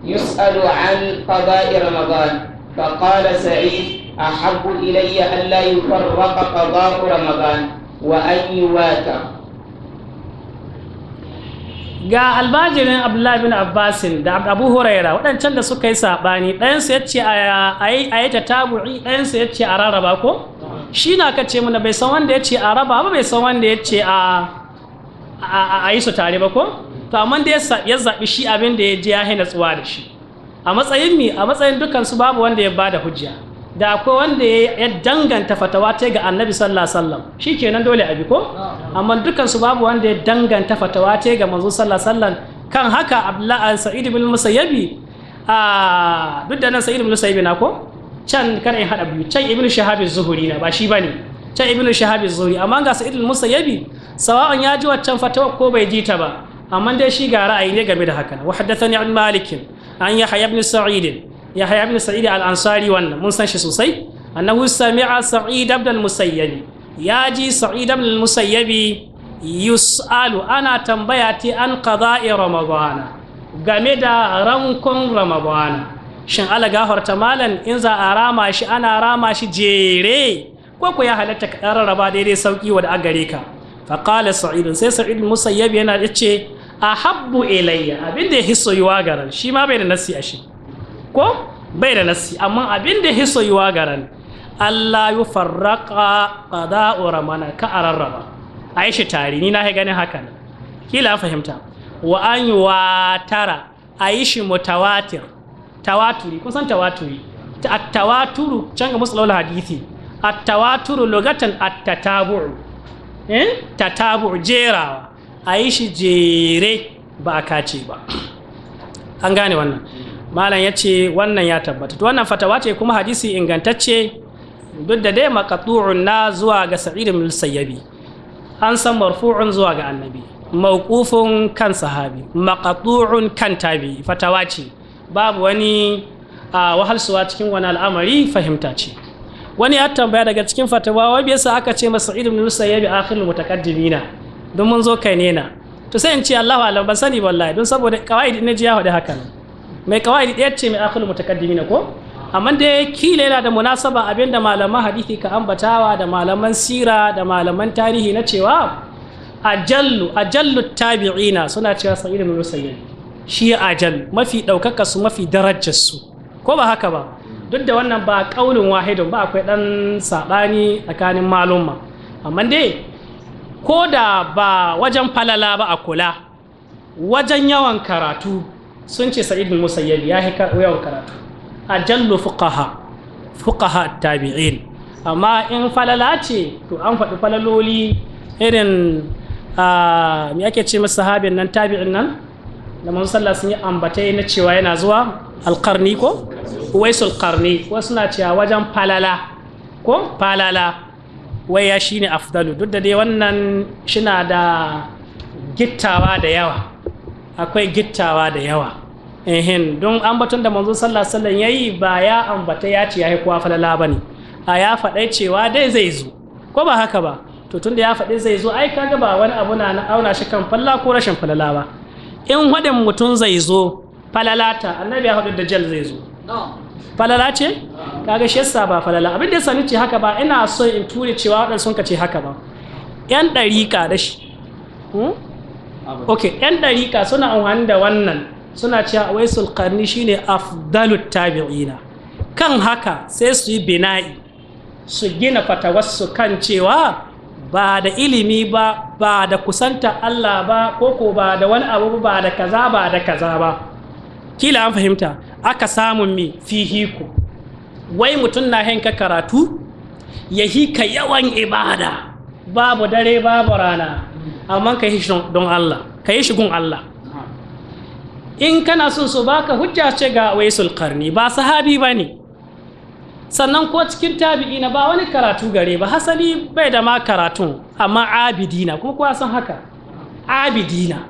يسأل عن قضاء رمضان فقال سعيد أحب إلي أن لا يفرق قضاء رمضان وأن يواتر ga albajirin abdullahi bin abbasin da abu huraira waɗancan da suka yi saɓani ɗayansu ya ce a yi ta tabu'i ɗayansu ya ce a rarraba ko shi na ka ce muna bai san wanda ya ce a raba ba bai san wanda ya ce a yi su tare ba ko to amma da ya zaɓi shi abin da ya ji ya haina tsuwa da shi a a matsayin dukansu babu wanda ya ba da hujja da akwai wanda ya danganta fatawa ga annabi sallallahu alaihi wasallam shikenan dole a bi ko amma dukan babu wanda ya danganta fatawa ga manzo sallallahu alaihi wasallam kan haka Abdullahi ah, sa'id ibn musayyibi a ah, duk da nan sa'id ibn musayyibi na ko can kar in hada biyu can ibn shahab az-zuhri na ba shi bane can ibn shahab az-zuhri amma ga sa'id ibn musayyibi sawa'an ya ji waccan fatawa ko bai ji ta ba amma dai shi ga ra'ayi ne game da haka wa haddathani an malik an yahya ibn sa'id yahya ibn sa'id al-ansari wannan mun san shi sosai annahu sami'a sa'id ibn al-musayyib ya ji sa'id ibn al-musayyib yus'alu ana tambaya ti an qada'i ramadana game da rankon ramadana shin ala gafarta malan in za a rama shi ana rama shi jere ko ya halatta ka rarraba daidai sauki wa da gare ka fa qala sa'id sai sa'id musayyab yana yace ahabbu ilayya abinda ya hisso yuwa garan shi ma bai da nasi a shi ko bai da nasi amma abin da hiso wa garan Allah yi farraka qada ramana ka a yi Aisha tari ni na ganin haka ne kila fahimta wa an watara mu mutawatir tawaturi kun san tawaturi a tawaturu can ga laula hadithi a tawaturu lugatan a tatabuu eh? tatabu'u jerawa shi jere ba a kace ba an gane wannan malam ya ce wannan ya tabbata wannan fatawa ce kuma hadisi ingantacce duk da dai makatu'un na zuwa ga sa'id ibn sayyabi an san marfu'un zuwa ga annabi mawqufun kan sahabi makatu'un kan tabi fatawa ce babu wani a wahalsuwa cikin wani al'amari fahimta ce wani ya tambaya daga cikin fatawa wai bisa aka ce masa sa'id ibn sayyabi akhirul mutaqaddimina don mun zo kai ne na to sai in ce Allahu a'lam ban sani wallahi don saboda kawai na ji ya faɗi hakan mai kawaidi ɗaya ce mai akhul mutaqaddimin ko amma da kila yana da munasaba abin da malaman hadisi ka ambatawa da malaman sira da malaman tarihi na cewa a ajallu tabi'ina suna cewa sa'id ibn musayyib shi ajal mafi daukaka su mafi darajar su ko ba haka ba duk da wannan ba kaulin wahidun ba akwai dan sabani tsakanin malumma amma dai ko da ba wajen falala ba a kula wajen yawan karatu sun ce sa'id bin musayyib ya yi yawan karatu ajallu fuqaha fuqaha tabi'in amma in falala ce to an faɗi falaloli irin me ake ce masa sahabin nan tabi'in nan da sallah sun yi ambatai na cewa yana zuwa alƙarni ko waisul ƙarni wasu na cewa wajen falala ko falala wai ya shine afdalu duk da dai wannan shina da gittawa da yawa akwai gittawa da yawa ehin don ambaton da manzo sallallahu alaihi wasallam yayi ba ya ambata ya ce yayi kuwa falala bane a ya faɗai cewa dai zai zo ko ba haka ba to tunda ya faɗi zai zo ai kaga ba wani abu na auna shi kan falala ko rashin falala ba in waɗin mutum zai zo falalata annabi ya da dajjal zai zo falala ce kaga shi yasa ba falala abin da yasa ce haka ba ina so in ture cewa waɗansu sun ka ce haka ba yan ɗariƙa da shi hmm? ok yan ɗarika suna amfani da wannan suna cewa waisul karni shine afdalut tabi'ina kan haka sai su yi bina'i su gina fatawarsu kan cewa ba da ilimi ba ba da kusanta Allah ba koko ba da wani abu ba da kaza ba da kaza ba kila an fahimta aka samun mi fihiku wai mutum na hanka karatu ya hika yawan ibada babu dare babu rana amma ka yi shi don Allah ka yi shi gun Allah in kana son su baka hujja ce ga waisul karni ba sahabi ne sannan ko cikin tabi'i na ba wani karatu gare ba hasali bai da ma karatun amma abidina kuma kowa san haka abidina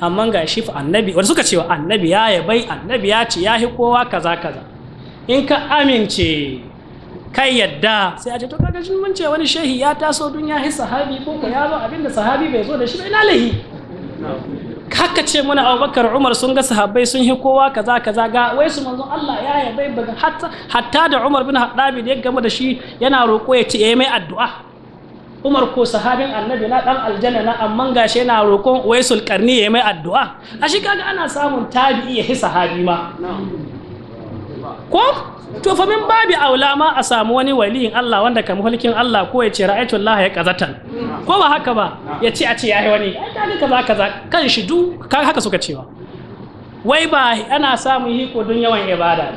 amma ga shi annabi wani suka cewa annabi ya yabai annabi ya ce ya kowa kaza kaza in ka amince kai yadda sai a ce to kaga shi mun ce wani shehi ya taso dun ya hi sahabi ko ko ya zo abinda sahabi bai zo da shi ba ina lahi haka ce muna abubakar umar sun ga sahabbai sun hi kowa kaza kaza ga wai su manzon Allah ya yabai baga hatta hatta da umar bin haddabi da ya gama da shi yana roƙo ya ce yayi eh, mai addu'a umar ko sahabin annabi na dan aljanna na amma gashi yana roƙon wai karni ya mai addu'a a shi kaga ana samun tabi'i ya hi sahabi ma ko to fa min babi aula ma a samu wani waliyin Allah wanda kamar mulkin Allah ko ya ce ra'aytu Allah ya kazatan ko ba haka ba ya ce a ce yayi wani kaga kaza kaza kan shi du kaga haka suka cewa wai ba ana samun ko don yawan ibada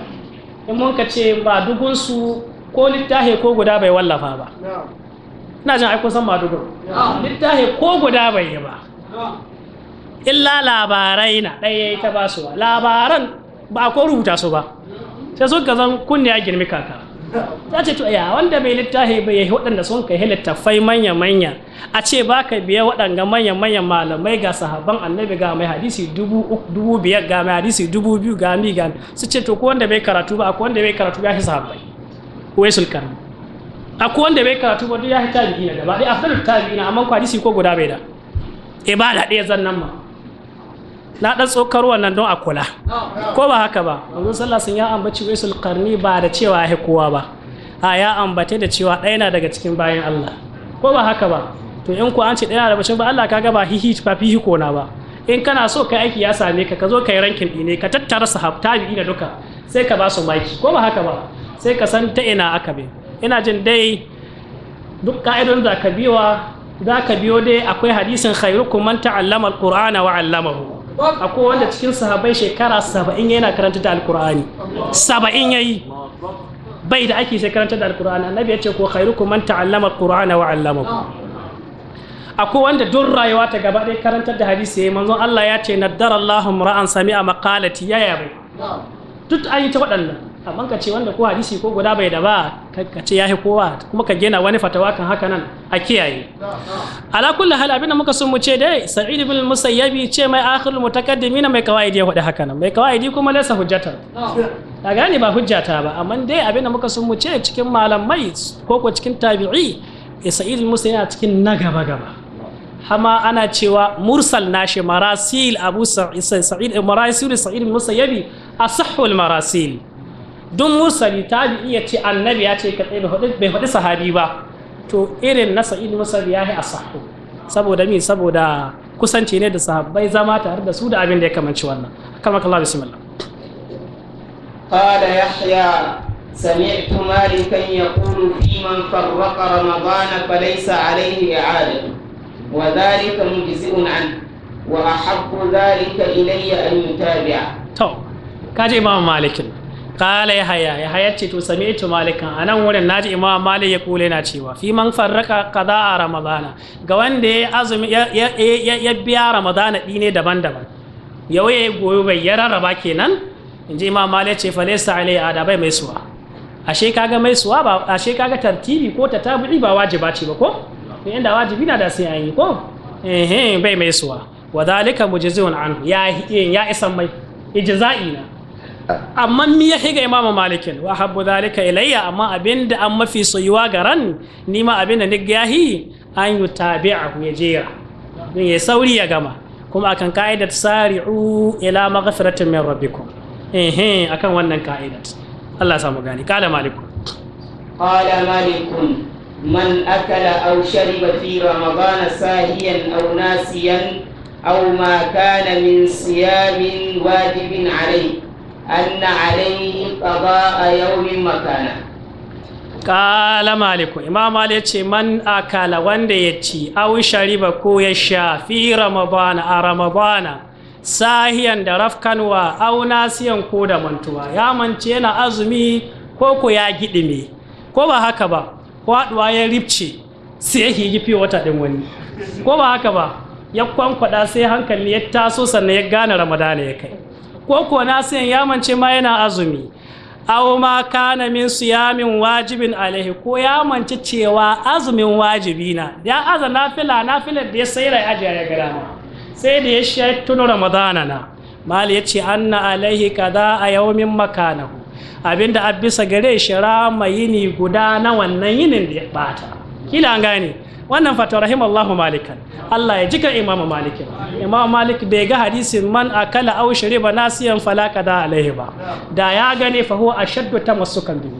in mun ka ce ba dugun su ko littahi ko guda bai wallafa ba ina jin ai kun san ba dugun littahi ko guda bai yi ba illa labarai na ɗaya ta basuwa labaran ba a ko rubuta su ba sai sun ka zan kunne ya girmi kaka ta ce to ya wanda bai littafi bai yi waɗanda sun kai littafai manya-manya a ce ba ka biya waɗanga manya-manya malamai ga sahaban annabi ga mai hadisi dubu biyar ga mai hadisi dubu biyu ga mi ga su ce to ko wanda bai karatu ba ko wanda bai karatu ya fi sahabbai ko ya sulkar ko wanda bai karatu ba duk ya shi tabi'ina gaba ɗaya afdalul tabi'ina amma ko hadisi ko guda bai da ibada eh, ɗaya zan nan ma na dan tsokar wannan don a kula ko ba haka ba manzon sallallahu ya ambaci waisul qarni ba da cewa ya kowa ba a ya ambate da cewa ɗaya na daga cikin bayan Allah ko ba haka ba to in ku an ce ɗaya daga cikin ba Allah kaga ba hihi ba fihi kona ba in kana so kai aiki ya same ka ka zo kai rankin ɗine ka tattara sahab tabi'i da duka sai ka ba su maki ko ba haka ba sai ka san ta ina aka bi ina jin dai duk ka'idon da ka biwa za ka biyo dai akwai hadisin khairukum man ta'allama alqur'ana wa 'allamahu akwai wanda cikin sahabai shekara saba'in yana karanta da alkur'ani saba'in ya yi bai da ake karanta da alkur'ani annabi ya ce ko khairukum ta ta'allama alkur'ani wa ku akwai wanda duk rayuwa ta gaba ɗaya karantar da hadisi yi manzon Allah ya ce na Allahu ra'an sami'a maqalati ya yabe duk an yi ta waɗannan amma ka ce wanda ko hadisi ko guda bai da ba ka ce yahi kowa kuma ka gena wani fatawa kan haka nan a kiyaye ala kulli hal abinda muka sun mu ce dai sa'id ibn musayyabi ce mai akhirul mutaqaddimin mai kawaidi ya faɗi haka nan mai kawaidi kuma laysa hujjata. Da gani ba hujjata ba amma dai abinda muka sun mu ce cikin malamai ko ko cikin tabi'i eh, sa'id ibn musayyabi yana cikin na gaba gaba hama ana cewa mursal nashi marasil abu sa'id marasil sa'id musayyabi asahhul marasil duk mursali tabi'i iya ce annabi ya ce ka tsaye bai faɗi sahabi ba to irin na sa'id mursali ya yi a saboda mi saboda kusanci ne da sahabbai zama tare da su da abin da ya kamanci wannan kama kallah bismillah قال يحيى سمعت مالكا يقول في من فرق رمضان فليس عليه إعادة وذلك مجزئ عنه وأحب ذلك إلي أن يتابع. تو كاجي إمام Malikin. haya ya haya ce to sami ito malikan a nan wurin naji imam malik ya kula yana cewa fi man farraka a ramadana ga wanda ya azumi ya biya ramadana dine daban-daban yau ya goyo bai ya rarraba kenan ji imam malik ce fa laysa alai ada bai mai suwa ashe kaga mai suwa ba ashe kaga tartibi ko ta tabi ba wajiba ce ba ko inda wajibi na da sai an yi ko eh bai mai suwa wa dhalika mujizun anhu ya ya isan mai ijza'ina na amma mi ya higa malikin wa habbu zalika ilayya amma abinda an mafi soyuwa ga ran ni ma abinda ni gahi an yi ya jira don ya sauri ya gama kuma akan ka'idat sari'u ila maghfiratin min rabbikum eh akan wannan ka'idat Allah samu gani kala malikum qala malikum man akala aw shariba fi ramadana sahiyan aw nasiyan aw ma kana min siyamin wajibin alayhi أن عليه قضاء يوم مكانه قال مالك إمام مالك ya أكل وند يتي أو شرب كو يشا في a رمضان sahiyan da rafkanwa auna nasiyan ko da mantuwa ya mance yana azumi ko ko ya gidime ko ba haka ba kwaduwa ya ripce sai ya higi fiye wata ɗin wani ko ba haka ba ya kwankwaɗa sai hankali ya taso sannan ya gane ramadana ya kai koko na nasiyan ya ce ma yana azumi aw ma kana min siyamin wajibin alaihi ko ya manci cewa azumin wajibi na ya aza nafila nafilar da ya sai rai ajiya ya gara sai da ya shi tunu ramadana na mal ya ce anna alaihi kaza a yawmin makanahu abinda abisa gare shi rama yini guda na wannan yinin da ya bata kila an gane wannan fata rahimallahu malikan Allah ya jika imam malikin imam malik bai ga hadisin man akala aw shariba nasiyan fala kada alaihi ba da ya gane fa huwa ashaddu tamassukan bihi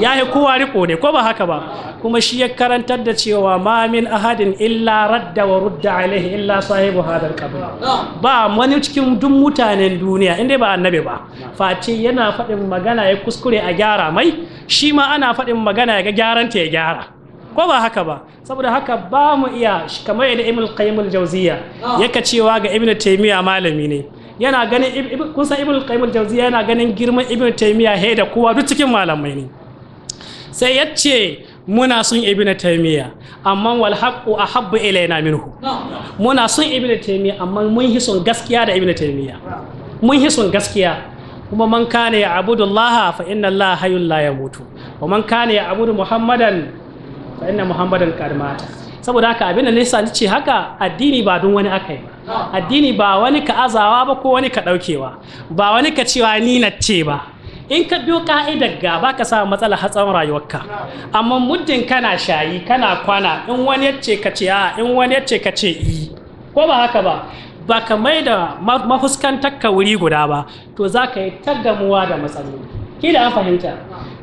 yahi kowa riko ne ko ba haka ba kuma shi ya karantar da cewa ma min ahadin illa radda wa rudda alaihi illa sahibu hadal qabr ba wani cikin duk mutanen duniya dai ba annabi ba face yana faɗin magana ya kuskure a gyara mai shi ma ana faɗin magana ya ga gyaran ta ya gyara ko ba haka ba saboda haka ba mu iya kamar yadda ibn qayyim al-jawziya yaka cewa ga ibn taymiya malami ne yana ganin kun san ibn qayyim al-jawziya yana ganin girman ibn taymiya he da kowa duk cikin malamai ne sai yace muna son ibn taymiya amma wal haqqu ahabbu ilayna minhu muna son ibn taymiya amma mun hi son gaskiya da ibn taymiya mun hi son gaskiya kuma man kana ya abudu fa inna allaha hayyul la yamutu wa man kana ya abudu Muhammadan fa muhammadan karmata saboda haka abin da nisa ce haka addini ba don wani aka yi ba addini ba wani ka azawa ba ko wani ka daukewa ba wani ka cewa ni na ce ba in ka biyo ka'idar ga ba ka samu matsala hatsarin rayuwarka amma muddin kana shayi kana kwana in wani ya ce ka ce a in wani ya ce ka ce i ko ba haka ba ba ka mai da mahuskantar ka wuri guda ba to za ka yi ta gamuwa da matsaloli da an fahimta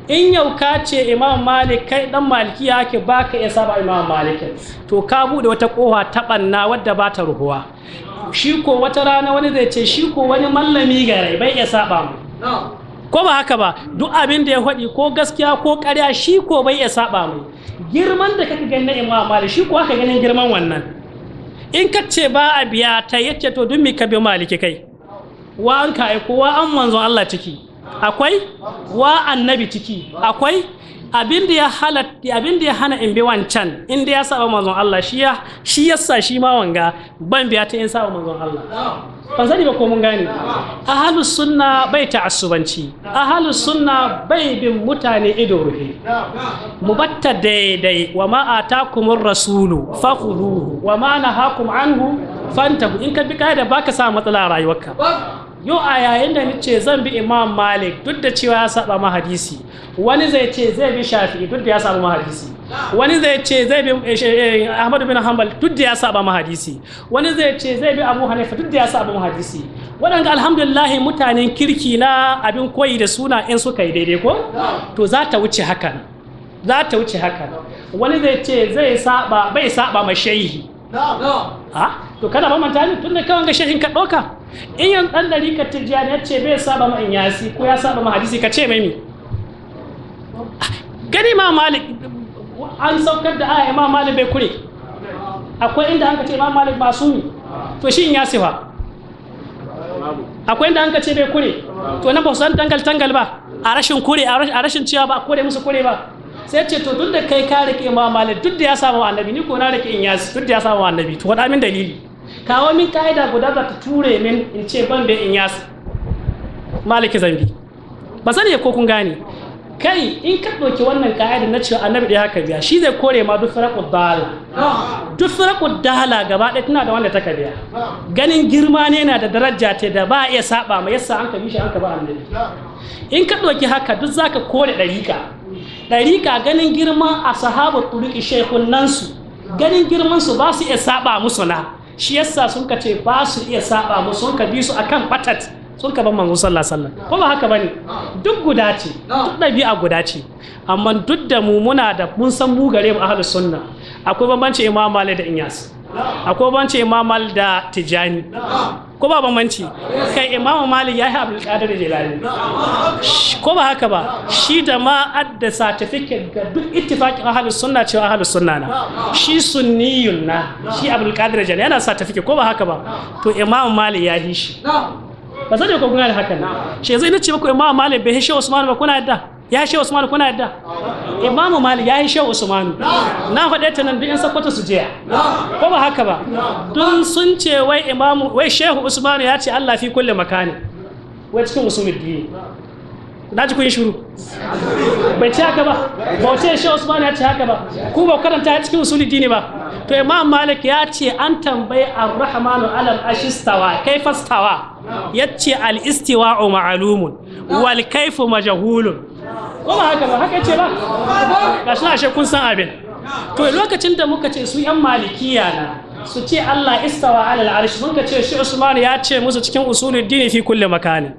in yau ka ce imam malik kai dan ya ke baka iya saba imam malik to ka bude wata kofa ta banna wadda ba ta ruhuwa shi ko wata rana wani zai ce shi ko wani mallami gare bai iya saba mu ko ba haka ba duk abin da ya faɗi ko gaskiya ko ƙarya shi ko bai iya saba mu girman da kake gani na imam malik shi ko haka ganin girman wannan in ka ce ba a biya ta yace to dun mi ka bi maliki kai wa an ka aiko wa an manzon Allah ciki akwai wa annabi ciki akwai abin da ya halatta abin da ya hana in bi wancan in da ya saba manzon Allah shi ya shi yasa shi ma wanga ban biya ta in saba manzon Allah ban sani ba ko mun gane ahlus sunna bai ta'assubanci ahlus sunna bai bin mutane ido ruhi mubatta daidai wa ma atakumur rasulu fakhuduhu wa ma nahakum anhu fantahu in ka bi kaida baka sa matsala rayuwarka yau a yayin da nace zan bi imam malik duk da cewa ya saba ma hadisi wani zai ce zai bi shafi'i duk da ya saba ma hadisi wani zai ce zai bi eh, eh, eh, ahmadu bin hanbal duk da ya saba ma hadisi wani zai ce zai bi abu hanifa duk da ya saba ma hadisi waɗanda alhamdulillah mutanen kirki na abin koyi da suna in suka yi daidai ko to za ta wuce hakan za ta wuce hakan wani zai ce zai saba bai saba ma shehi to kana ba mantani tun da kawai ga shehin ka ɗauka in yan dan dari ka ya ce bai saba ma in yasi ko ya saba ma hadisi ka ce mai mi gani ma malik an saukar da aya ma malik bai kure akwai inda an ka ce ma malik ne to shi in ya ba akwai inda an ka ce bai kure to na ba su san tangal tangal ba a rashin kure a rashin cewa ba kure kore musu kure ba sai ce to duk da kai ka rike ma malik duk da ya saba samu annabi ni ko na rike in yasi duk da ya saba samu annabi to wani min dalili kawo min ka'ida guda za ka ture min in ce ban da in yasa maliki zambi ba sani ko kun gane kai in ka ɗauki wannan ka'ida na cewa annabi ɗaya haka biya shi zai kore ma duk firaƙu dala duk firaƙu dala gaba ɗaya tana da wanda ka biya ganin girma ne yana da daraja ta da ba a iya saba ma yasa an ka bishi an ka ba annabi in ka ɗauki haka duk za ka kore ɗarika ɗarika ganin girman a sahabar turiki nan su ganin girman su ba su iya saba musu na shi yasa sun ka ce ba su iya saba mu sun ka bi su akan batat sun ka ban manzo sallah sallah ko ba haka bane duk guda ce duk ɗabi'a guda ce amma duk da mu muna da mun san mu gare mu ahlus sunna akwai bambanci imam malik da inyas akwai banci imamal da tijani ko ba bambanci kai imamu malik ya yi abdulkadir jilani ko ba haka ba shi da ma adda certificate ga duk ittifaqin ahlus sunna cewa ahlus sunna na shi sunniyun na shi abdulkadir jilani yana certificate ko ba haka ba to imamu malik ya yi shi ba zai da kuna da haka ne shi yanzu ina ce muku imamu malik bai shi usman ba kuna yadda ya shehu usman kuna yadda imamu malik ya yi shehu usman na faɗe ta nan duk in sakwata su jiya ko ba haka ba tun sun ce wai imamu wai shehu usman ya ce allah fi kulle makani wai cikin usuluddini na ji kun yi shuru bai ce haka ba ba ce shehu usman ya ce haka ba ku ba karanta ya cikin usuluddini ba to imam malik ya ce an tambayi ar-rahmanu alal ashistawa kaifastawa yace al-istiwa'u ma'lumun wal kaifu majhulun ko ba haka ba haka ce ba gashi na ashe kun san abin to lokacin da muka ce su yan malikiya na su ce Allah istawa alal arshi muka ce shi Usman ya ce musu cikin usulul dini fi kulli makanin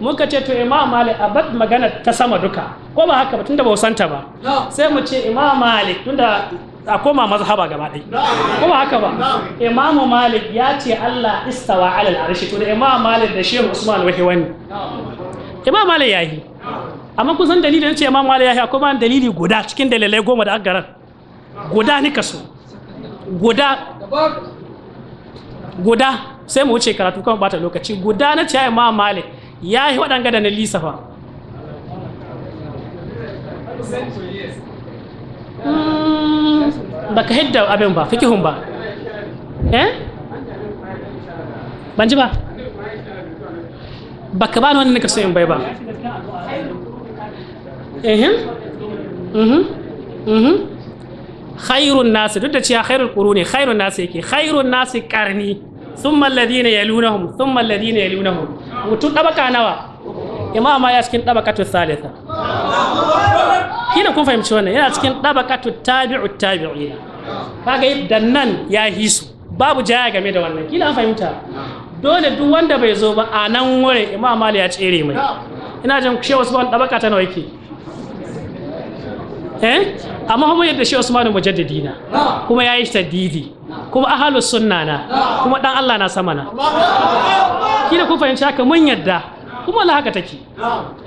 muka ce to Imam Malik abad magana ta sama duka ko ba haka ba tunda ba usanta ba sai mu ce Imam Malik tunda a koma mazhaba gaba ɗai ko ba haka ba Imam Malik ya ce Allah istawa alal arshi to da Imam Malik da Sheikh Usman wahi wani Imam Malik yayi amma kusan dalilin ce imam Mali ya kuma ma dalili guda cikin dalilai goma da agaran guda ni kaso guda guda sai mu wuce karatu kuma bata lokaci guda na ce imam Mali, ya yi waɗanga da na lisafa hmm, ba ka hidda abin ba fikihun ba eh ban ji ba ba ka ni wani nika so in bai ba ehin mhm mhm khairun nasu duk da cewa khairul quruni khairun nasu yake khairun nasu karni thumma alladhina yalunahum thumma alladhina yalunahum mutum dabaka nawa imama ya cikin dabakatu thalitha kina kun fahimci wannan yana cikin dabakatu tabi'u tabi'ina kaga yadda nan ya hisu babu jaya game da wannan kila an fahimta dole duk wanda bai zo ba a nan wurin imam mali ya tsere mai ina jin shewa su ban dabaka ta nawa yake A eh? amma kuma yadda shi Usman mujaddidi na kuma yayi tadidi kuma ahlus sunna na kuma dan Allah na sama na kila ku fahimci haka mun yadda kuma la haka take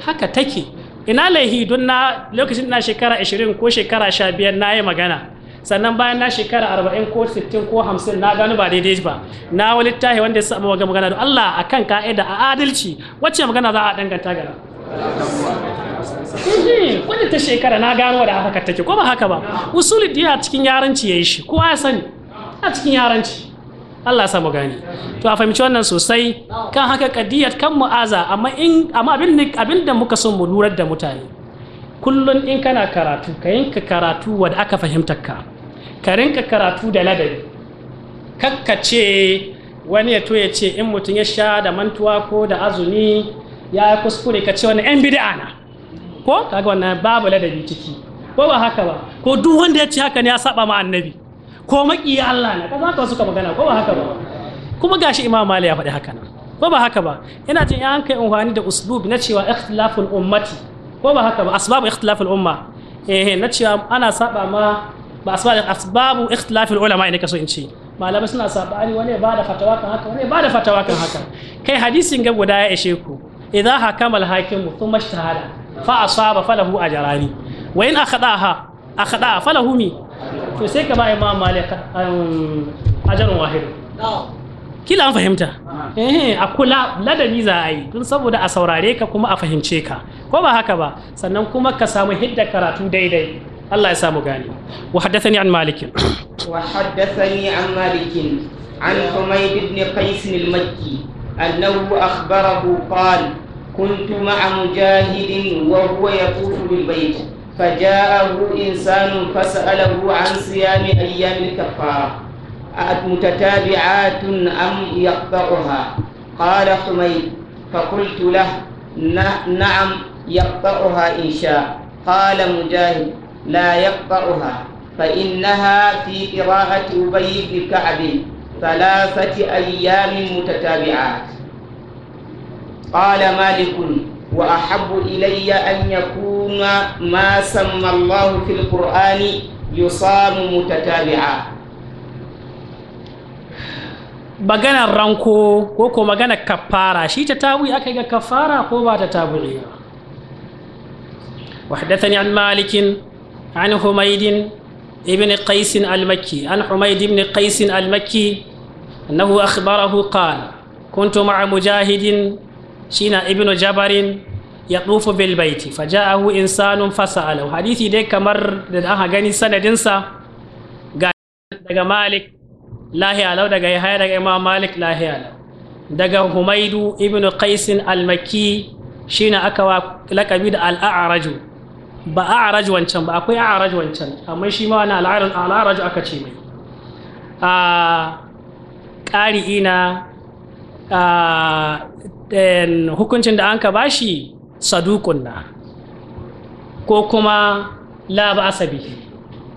haka take ina laihi don na lokacin na shekara 20 ko shekara 15 na yi magana sannan bayan na shekara 40 ko 60 ko 50 na gano ba daidai ba na wani littafi wanda ya samu magana don Allah akan ka'ida a adalci wacce magana za a danganta ga Mhm, wadda ta shekara na gano da haka take ko ba haka ba usuli diya cikin yaranci yi shi kowa ya sani a cikin yaranci Allah samu gani to a fahimci wannan sosai kan haka kadiyar kan mu'aza amma in amma abin da muka son mu lurar da mutane kullun in kana karatu ka yinka karatu wanda aka fahimtar ka ka rinka karatu da ladabi kakkace wani ya to ya ce in mutum ya sha da mantuwa ko da azumi ya kuskure ka ce wani yan bid'a na ko kaga wannan babu ladabi ciki ko ba haka ba ko duk wanda ya ci haka ne ya saba ma annabi ko maƙiya Allah na kaza haka suka magana ko ba haka ba kuma gashi Imam Malik ya faɗi haka nan ko ba haka ba ina jin an kai unhani da uslub na cewa ikhtilaful ummati ko ba haka ba asbabu ikhtilaful umma eh na cewa ana saba ma ba asbabu asbabu ikhtilaful ulama ne kaso in ce malamai suna sabani wani ba da fatawa kan haka wani ba da fatawa kan haka kai hadisin ga guda ya ishe ku idza hakama al-hakimu thumma ishtahada فأصاب فله أجران وين أخذها أخذها فله مي فسيك ما إمام مالك أجر واحد نعم. كلا فهمت نعم. إيه أقول لا لا دنيزا أي دون سبب ده أسرع عليك كم أفهم شيكا كم هكبا كما كم كسام هدا كراتو داي داي الله يسامو غاني وحدثني عن مالك [COUGHS] وحدثني عن مالك عن حميد بن قيس المكي أنه أخبره قال كنت مع مجاهد وهو يطوف بالبيت فجاءه إنسان فسأله عن صيام أيام الكفارة متتابعات أم يقطعها قال حميد فقلت له نعم يقطعها إن شاء قال مجاهد لا يقطعها فإنها في قراءة أبي بن كعب ثلاثة أيام متتابعات قال مالك وأحب إلي أن يكون ما سمى الله في القرآن يصام متتابعا maganar ranko ko ko maganar kafara shi ta tawi aka ga kafara ko ba ta tabi ba وحدثني عن مالك عن حميد ابن قيس المكي عن حميد بن قيس المكي أنه أخبره قال كنت مع مجاهد shina ibnu jabarin ya tsufu bil baiti fa ja'ahu insanun fasa'alahu hadisi dai kamar da aka gani sanadinsa ga daga malik lahiya alau daga yahaya daga imam malik lahiya lau daga humaidu ibnu qaisin al-makki shine aka wa lakabi da al-a'raju ba a'raju wancan ba akwai a'raju wancan amma shi ma wani al-a'raju aka ce mai a ah, ƙari ina. Ah, Eh, hukuncin da an ka bashi sadukun na ko kuma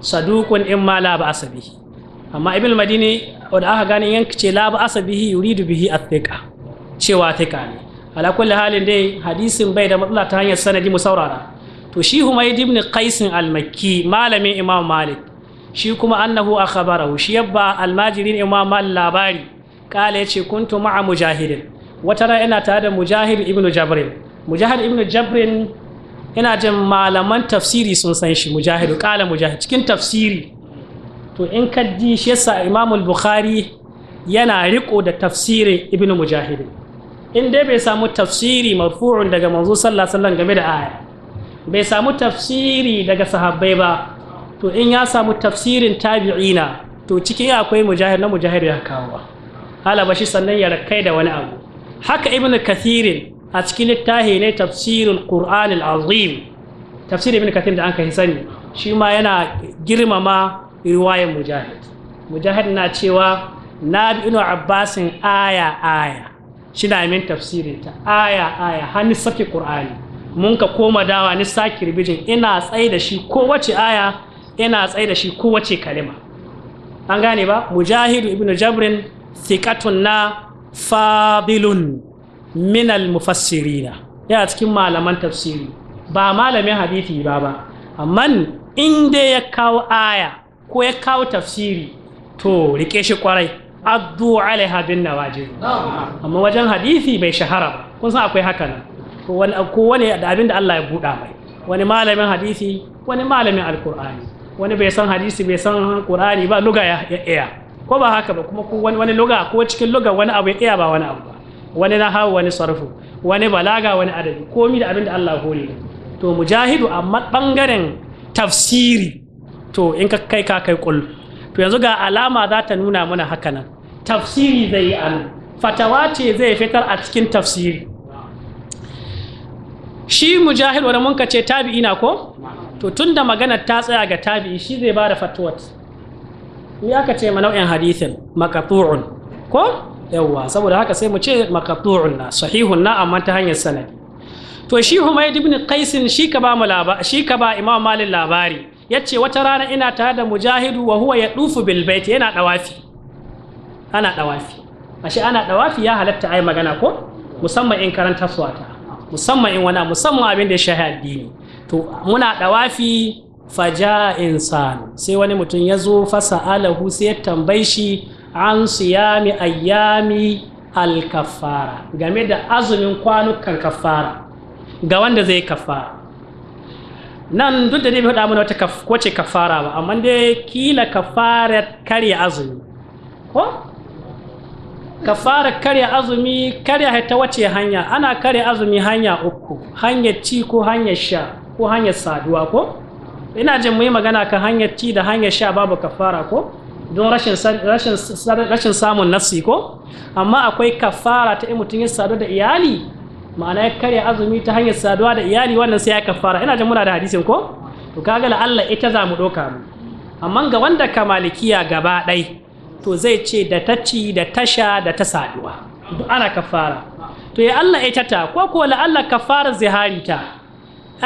sadukun in ma laba ba'asa bihi amma ibn madini wanda aka gani yanka ce laba ba'asa bihi yuridu bihi athiqa cewa thiqa ne ala kulli halin dai hadisin bai da matsala ta hanyar sanadi mu saurara to shi humayd ibn qais al-makki malamin imam malik shi kuma annahu akhbarahu shi yabba almajirin imam malik labari kala yace kuntu ma'a mujahidin wata rana ina tare da mujahid ibn jabrin mujahid ibn jabrin ina jin malaman tafsiri sun san shi mujahidu kala mujahid cikin tafsiri to in ka ji shi yasa imam bukhari yana riko da tafsirin ibn mujahid in dai bai samu tafsiri marfu'un daga manzo sallallahu alaihi game da aya bai samu tafsiri daga sahabbai ba to in ya samu tafsirin tabi'ina to cikin akwai mujahid na mujahid ya kawo hala bashi sannan ya rakai da wani abu haka ibn kathirin a cikin littafi ne tafsirul qur'an al'azim azim tafsir ibn kathir da an kai sani shi ma yana girmama riwayar mujahid mujahid na cewa na bi inu abbasin aya aya shi na min tafsirin ta aya aya hannu saki qur'ani mun ka koma dawa ni saki rubijin ina tsai da shi kowace aya ina tsai da shi kowace kalima an gane ba mujahidu Ibn jabrin thiqatun na Fabilun min al-mufassirina yana cikin malaman tafsiri ba malamin hadisi ba ba amma in dai ya kawo aya ko ya kawo tafsiri to rike shi kwarai addu alaiha bin nawajib amma wajen hadisi bai shahara ba kun san akwai haka nan ko wani ko wani da abin da Allah ya buɗa mai wani malamin hadisi wani malamin alqur'ani wani bai san hadisi bai san qur'ani ba luga ya iya ko ba haka ba kuma wani wani luga ko cikin loga wani abu ya ba wani abu ba wani hawa wani sarfu wani balaga wani adabi komi da abin da Allah hore to mujahidu amma bangaren tafsiri to in ka kai ka kai kul to yanzu ga alama za ta nuna mana haka nan tafsiri zai yi fatawa ce zai fitar a cikin tafsiri shi Mujahidu wanda mun ce tabi'i na ko to tunda magana ta tsaya ga tabi'i shi zai bada fatawat me aka ce ma nau'in hadithin maqtu'un ko yawwa saboda haka sai mu ce maqtu'un na sahihun na amma ta hanyar sanadi to shi Humayd ibn Qais shi ka ba mu labari shi ka ba Imam Malik labari yace wata rana ina tare da Mujahidu wa huwa yadufu bil bait yana dawafi ana dawafi ashe ana dawafi ya halatta ai magana ko musamman in karanta suwata musamman in wana musamman abin da ya shahi addini to muna dawafi faja insan sai wani mutum ya zo fasa alahu sai ya tambayi shi an siyami ayyami alkafara game da azumin kwanukan kafara ga wanda zai kafara nan duk da ne bai faɗa mana wata kwace kafara ba amma dai kila kafara karya azumi ko kafara karya azumi karya ta wace hanya ana karya azumi hanya uku hanyar ci ko hanyar sha ko hanyar saduwa ko ina jin mu yi magana kan hanyar ci da hanyar sha babu kafara ko don rashin samun nasi ko amma akwai kafara ta in mutum ya sadu da iyali ma'ana ya karya azumi ta hanyar saduwa da iyali wannan sai ya kafara ina jin muna da hadisin ko to kaga Allah ita za mu ɗauka mu amma ga wanda ka malikiya gaba ɗai to zai ce da ta ci da tasha da ta saduwa duk ana kafara to ya Allah ita ta ko ko la Allah kafara zihari ta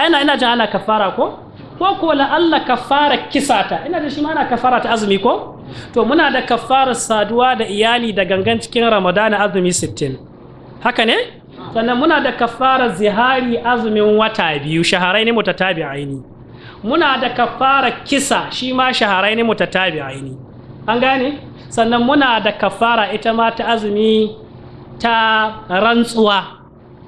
ina ina jin ana kafara ko ko ko Allah kafara kisata ina da shi ma ana kafara ta azumi ko to muna da kafarar saduwa da iyali da gangan cikin ramadana azumi 60 haka ne sannan muna da kafarar zihari azumin wata biyu shaharai ne mutatabi'aini muna da kafarar kisa shi ma shaharai ne mutatabi'aini an gane sannan muna da kafara ita ma ta azumi ta rantsuwa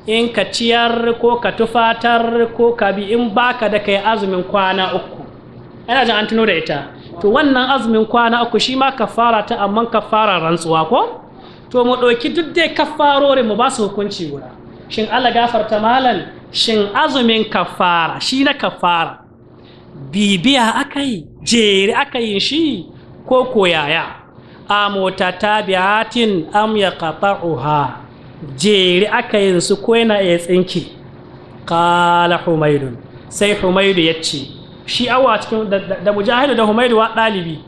in ka ciyar ko ka tufatar ko ka bi in baka da kai azumin kwana uku ana jin an tuno da ita to wannan azumin kwana uku shi ma kafara ta amma kafara rantsuwa ko to mu ɗauki duk dai kafarorin mu ba su hukunci guda shin Allah gafarta malam shin azumin kafara shi na kafara bibiya akai jere aka shi ko koyaya a mota tabiatin am ya jere aka yi su ko yana iya tsinki kala humaidun sai humaidu ya ce shi awa cikin da mujahidu da humaidu wa ɗalibi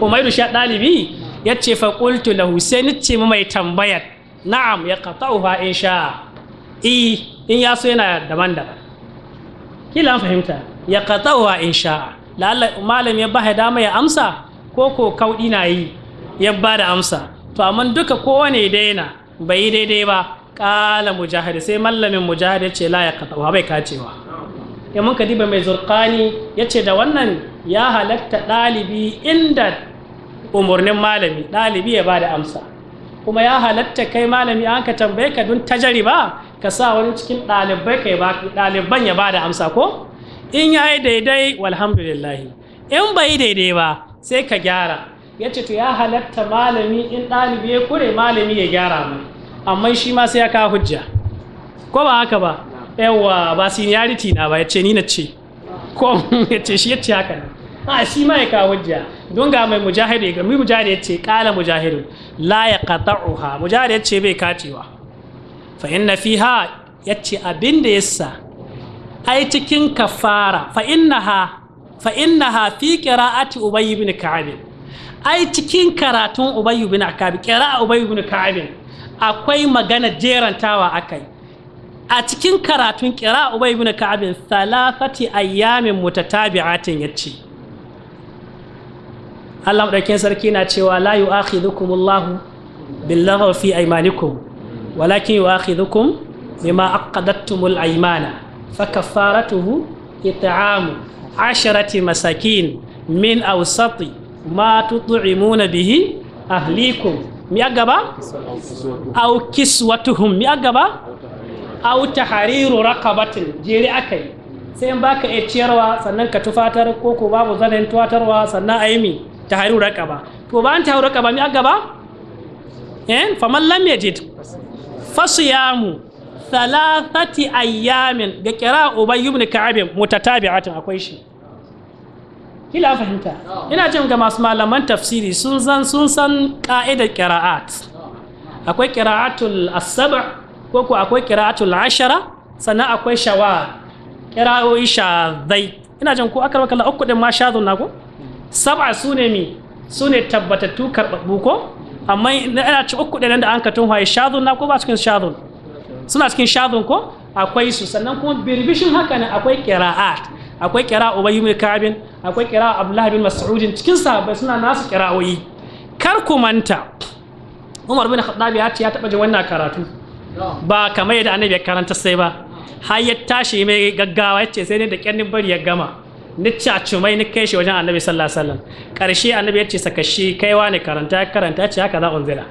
humaidu shi ɗalibi ya ce faƙultu lahu sai nice ce mai tambayar na'am ya qata'uha in sha i e, in ya so yana daban-daban kila an fahimta ya qata'uha in sha lalla malam ya ba dama ya amsa ko ko kaudi na yi ya ba da amsa to amma duka kowane daina bai yi daidai ba kala mujahid sai mallamin mujahid ya ce la ya bai kacewa in kadiba mai zurkani ya ce da wannan ya halatta ɗalibi inda umarnin malami ɗalibi ya bada amsa kuma ya halatta kai malami an ka tambaye ka don tajariba ka sa wani cikin ɗaliban ya ba da amsa ko in ya yi daidai walhamdulillah in bai daidai ba sai ka gyara ya ce to ya halatta malami in ɗalibi ya kure malami ya gyara mai amma shi ma sai ya kawo hujja ko ba haka ba yawa ba seniority na ba ya ce ni na ce ko [LAUGHS] ya ce shi ya ce haka a shi ma ya kawo hujja don ga mai mujahidu ya gami mujahidu ya ce kala mujahidu la ya qata'uha mujahidu ya ce bai kacewa fa inna ha ya ce abin da sa ai cikin kafara fa ha fa innaha fi ati ubayi ibn ka'abin ai cikin karatun ubayyu bin akabi kira ubayyu bin ka'abin akwai magana jerantawa akai a cikin karatun kira ubayyu bin ka'abin salafati ayyamin mutatabi'atin yace Allah madaukakin sarki na cewa la bil billaghwi fi aymanikum walakin yu'akhidhukum bima aqadattumul aymana fakaffaratuhu it'amu 10 masakin min awsati ma tut'imuna bihi ahlikum mi agaba aw kiswatuhum mi agaba aw tahriru raqabatin jere akai sai in baka iya ciyarwa sannan ka tufatar ko ko babu zanen tufatarwa sannan ayi mi tahriru raqaba to an tahriru raqaba mi agaba eh faman lam yajid fasiyamu thalathati ayamin ga qira'a ubay ibn ka'ab mutatabi'atin akwai shi kila fahimta ina jin ga masu malaman tafsiri sun san sun san ka'idar qira'at akwai qira'atul as-sab' ko ko akwai qira'atul ashara sannan akwai shawa qira'o'i shadai ina jin ko akar wakala uku din ma shadun na ko sab'a sune mi sune tabbatattu karbabbu ko amma ina ci uku din da an ka tunhaye shadun na ko ba cikin shadun suna cikin shadun ko akwai su sannan kuma birbishin haka ne akwai qira'at akwai kira ubay ibn kabin akwai kira Abdullahi bin Mas'udin, cikin sahabbai suna nasu kirawoyi kar ku manta umar bin khattab ya ce ya taba jin wannan karatu ba kamar yadda annabi ya karanta sai ba har ya tashi mai gaggawa ya ce sai ne da kyan bari ya gama ni cacumai ni kai shi wajen annabi sallallahu alaihi wasallam karshe annabi ya ce sakashi kaiwa ne karanta karanta ce haka za unzila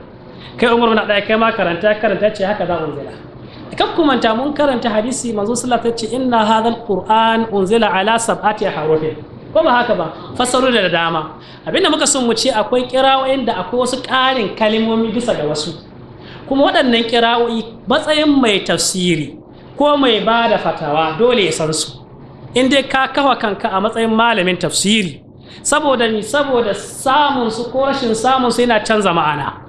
kai umar bin khattab kai ma karanta karanta ce haka za unzila ku manta mun karanta hadisi manzo sallallahu alaihi wasallam inna hadha alquran unzila ala sab'ati harufin ko ba haka ba fassaro da dama abinda muka son mu ce akwai kirawoyin da akwai wasu ƙarin kalmomi bisa ga wasu kuma waɗannan kirawoyi matsayin mai tafsiri ko mai ba da fatawa dole ya san su in dai ka kafa kanka a matsayin malamin tafsiri saboda ni saboda samun su ko rashin samun su yana canza ma'ana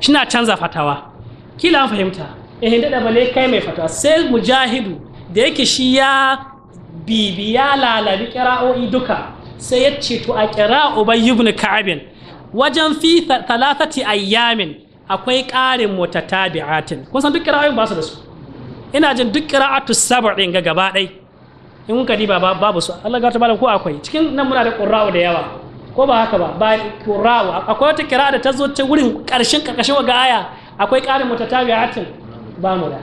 shi na canza fatawa kila an fahimta ehin da bale kai mai fatawa sai mujahidu da yake shi ya bibi ya lalabi kira'o'i duka sai ya ce to a kira ubay ibn ka'abin wajen fi talatati ayyamin akwai ƙarin mutatabi'atin kun san duk kira'o'in ba su da su ina jin duk kira'atu sab'in ga gaba ɗai in kun kadi ba babu su Allah ga tabalan ko akwai cikin nan muna da qurra'u da yawa ko ba haka ba ba qurra'u akwai wata kira'a da ta zo ta wurin ƙarshen ƙarƙashin wa ga aya akwai ƙarin mutatabi'atin ba mu da